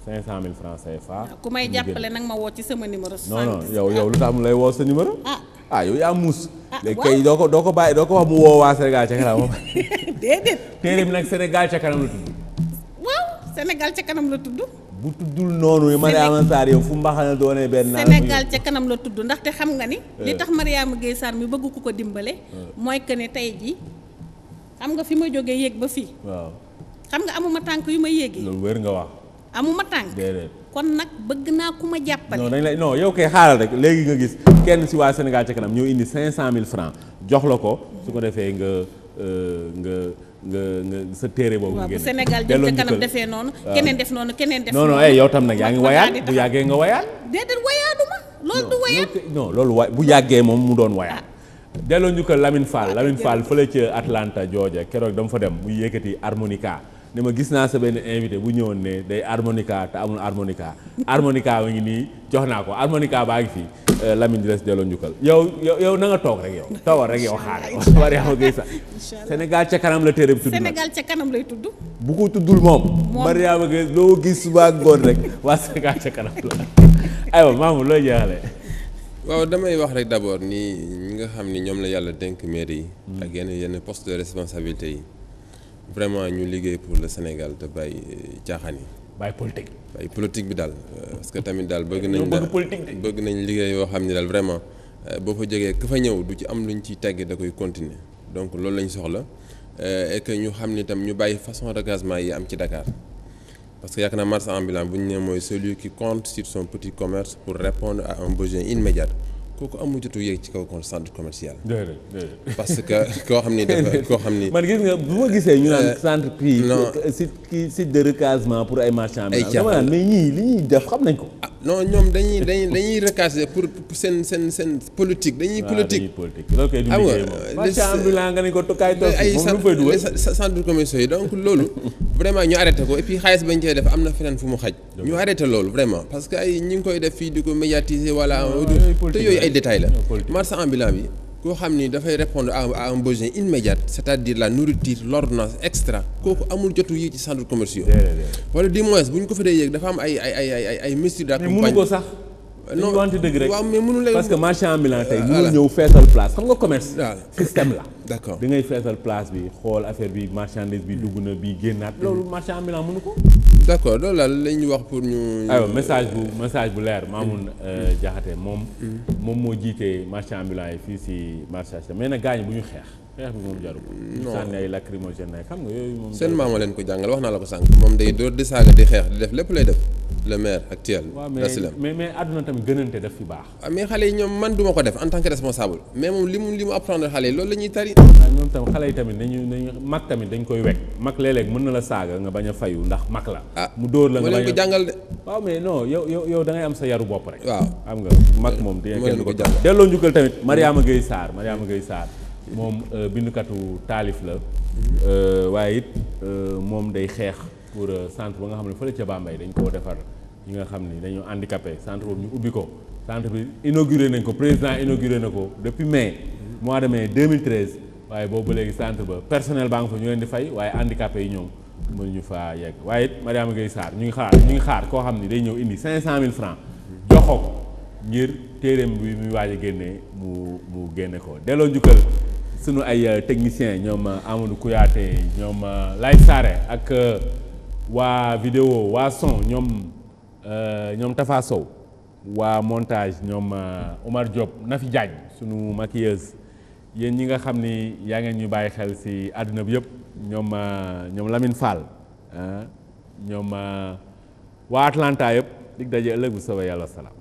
cinq cent mille francs CFA. Ah, ku may jàppale
nag ma woo ci sama numéro. non yow
yow lu tax mu lay woo sa numéro. ah, ah yow yaa muus. ah léegi kay doo ko doo ko bàyyi doo ko wax mu woo waa Sénégal ca kanam. *laughs* déedéet. téere bi nag kanam la tudd.
waaw Sénégal ca
fu mbaxana doonee benn
kanam la tudd ndaxte xam nga ni eh. li tax Mariama Gueye Sarr mi bëgg ku ko dimbale eh. mooy que ne tey ji xam nga fi ma jógee yéeg ba fii waaw xam nga amuma tànk yu ma yéegee
loolu wér nga wax
amuma tànk kon nag bëgg naa ku ma jàppale. non
dañ lay non yow kay xaaral rek léegi nga gis kenn si waa Sénégal ca kanam ñëw indi 500000 francs jox la ko su ko defee nga euh, nga nga sa téere boobu. nga génne Sénégal jëm ca kanam defee noonu. keneen
def noonu keneen def. non non eh, yow tam nag yaa ngi wayaan bu yàggee nga wayaan. déedéet wayaanu ma loolu
du wayaan. non loolu wa bu yàggee moom mu doon wayaan. Ah. delloo ñu ko Lamine Fall ah, Lamine Fall fële ca Atlanta Georgia keroog dama fa dem bu yëkkati harmonica. ne ma gis naa sa benn invité bu ñëwoon ne day harmonica te amul harmonica harmonica wa ngi nii jox naa ko harmonica baa ngi fii euh, Lamine di les delloo njukkal yow yow yow na nga toog rek yow toogal rek yow xaar Mariama Gueye Sall Sénégal ca kanam la téere bi tudd Sénégal kanam lay tudd bu ko tuddul moom Mariama Gueye loo gis subaa ngoon rek waa Sénégal ca kanam la
*laughs* aywa Mamour looy jeexalee waaw damay wax rek d'abord ni ñi nga xam ni ñoom la yàlla denk maire yi hmm. ak yenn yenn poste de responsabilité yi vraiment ñu liggéey pour le Sénégal te bàyyi euh, caaxaan yi. bàyyi politique. bàyyi politique bi daal euh, parce que tamit daal bëgg nañ. bëgg nañ liggéey yoo xam ne daal vraiment euh, boo fa jegee ka fa ñëw du ci am luñ ciy teggee da koy continuer donc loolu lañ soxla et que ñu xam ni tam ñu bàyyi façon d'engagement yi am ci Dakar parce que yaakaar naa marchand ambulant bu ñu mooy celui qui compte sur son petit commerce pour répondre à un besoin immédiat. kooku amul jotu yéeg ci kaw centre commercial. parce que koo xam ni dafa koo xam ni. def ah, ay centre commerciaux yi donc loolu. vraiment ñu arrêté ko et puis xaalis bañ cee def am na feneen fu mu xaj. ñu arrêté loolu vraiment parce que ay ñi ngi koy def fii di ko médiatiser wala. Ah, te yooyu ay détails la marché ambulant bi koo xam ni dafay répondre à un besoin immédiat cest dire la nourriture l'ordonnance extra kooku amul jotu yi ci centres commerciaux wala du moins bu ñu ko fa dee dafa am ay ay ay ay ay mesures d'accompagnement Euh, non wante dëgg rek waaw mais mënu lay parce que marchand
ambulant tey mënul ñëw feesal place xam nga commerce système la d'accord da ngay feesal place bi xool affaire bi marchandise bi dugg na bi génnaat loolu marchand ambulant mënu ko d'accord loolu daal la ñuy wax pour ñu message bu message bu leer Mamoun mm. euh, Diakhaté moom mm. moom moo
jiitee marchand ambulant yi fii si marché mais nag gaañ bu ñu xeex xeex bi moom jarul ko sànni ay lacrymogène xam nga yooyu moom seen maama leen ko jàngal wax naa la ko sànq moom day door di saaga di def lépp lay def le maire actuel. Dassilem mais mais àdduna tamit gënante daf fi baax. ah mais xale yi ñoom man duma ko def en tant que responsable mais moom li mu li mu apprendre xale yi loolu la ñuy tari. waaw ah, tamit mag tamit dañ koy wekk mag léeg-léeg mën na la saaga nga bañ a fayu ndax mag la. Ah, mu dóor la nga bañ a ma
jàngal de. waaw mais non yow yow yow da ngay am sa yaru bopp rek. waaw am nga mag moom. ma leen ko jàngal delloo njukkal tamit Mariama Gueye Sarr Mariama Gueye Sarr moom euh, bindukatu taalif la euh, waaye it euh, moom day xeex pour centre ba nga xam ne fële ca Bambey dañ koo defar ñi nga xam ni dañoo handicapé centre boobu ñu ubbi ko centre bi inauguré nañ ko président inauguré na ko depuis mai mois de mai 2013 waaye boobu léegi centre ba personnel baa nga fa ñu leen di fay waaye handicapé yi ñoom mënuñu faa yegg waaye it Mariama Gueye Sarr ñu ngi xaar ñu ngi xaar koo xam ni day ñëw indi 500000 francs joxo ko ngir téeréem bi muy waaj a génnee mu mu génne ko delloo njukkal sunu ay euh, technicien ñoom euh, Amadou yaate ñoom euh, Lay Saré ak waa vidéo waa son Euh, ñoom Tafa Sow waa montage ñoom euh, Omar Diop Nafi Diagne sunu maquilleuse yéen ñi nga xam ni yaa ngeen ñu bàyyi xel ci àdduna bi yëpp ñoom euh, ñoom Lamine Fall ñoom waa Atlanta yëpp dig daje ëllëg bu soobee yàlla salaam.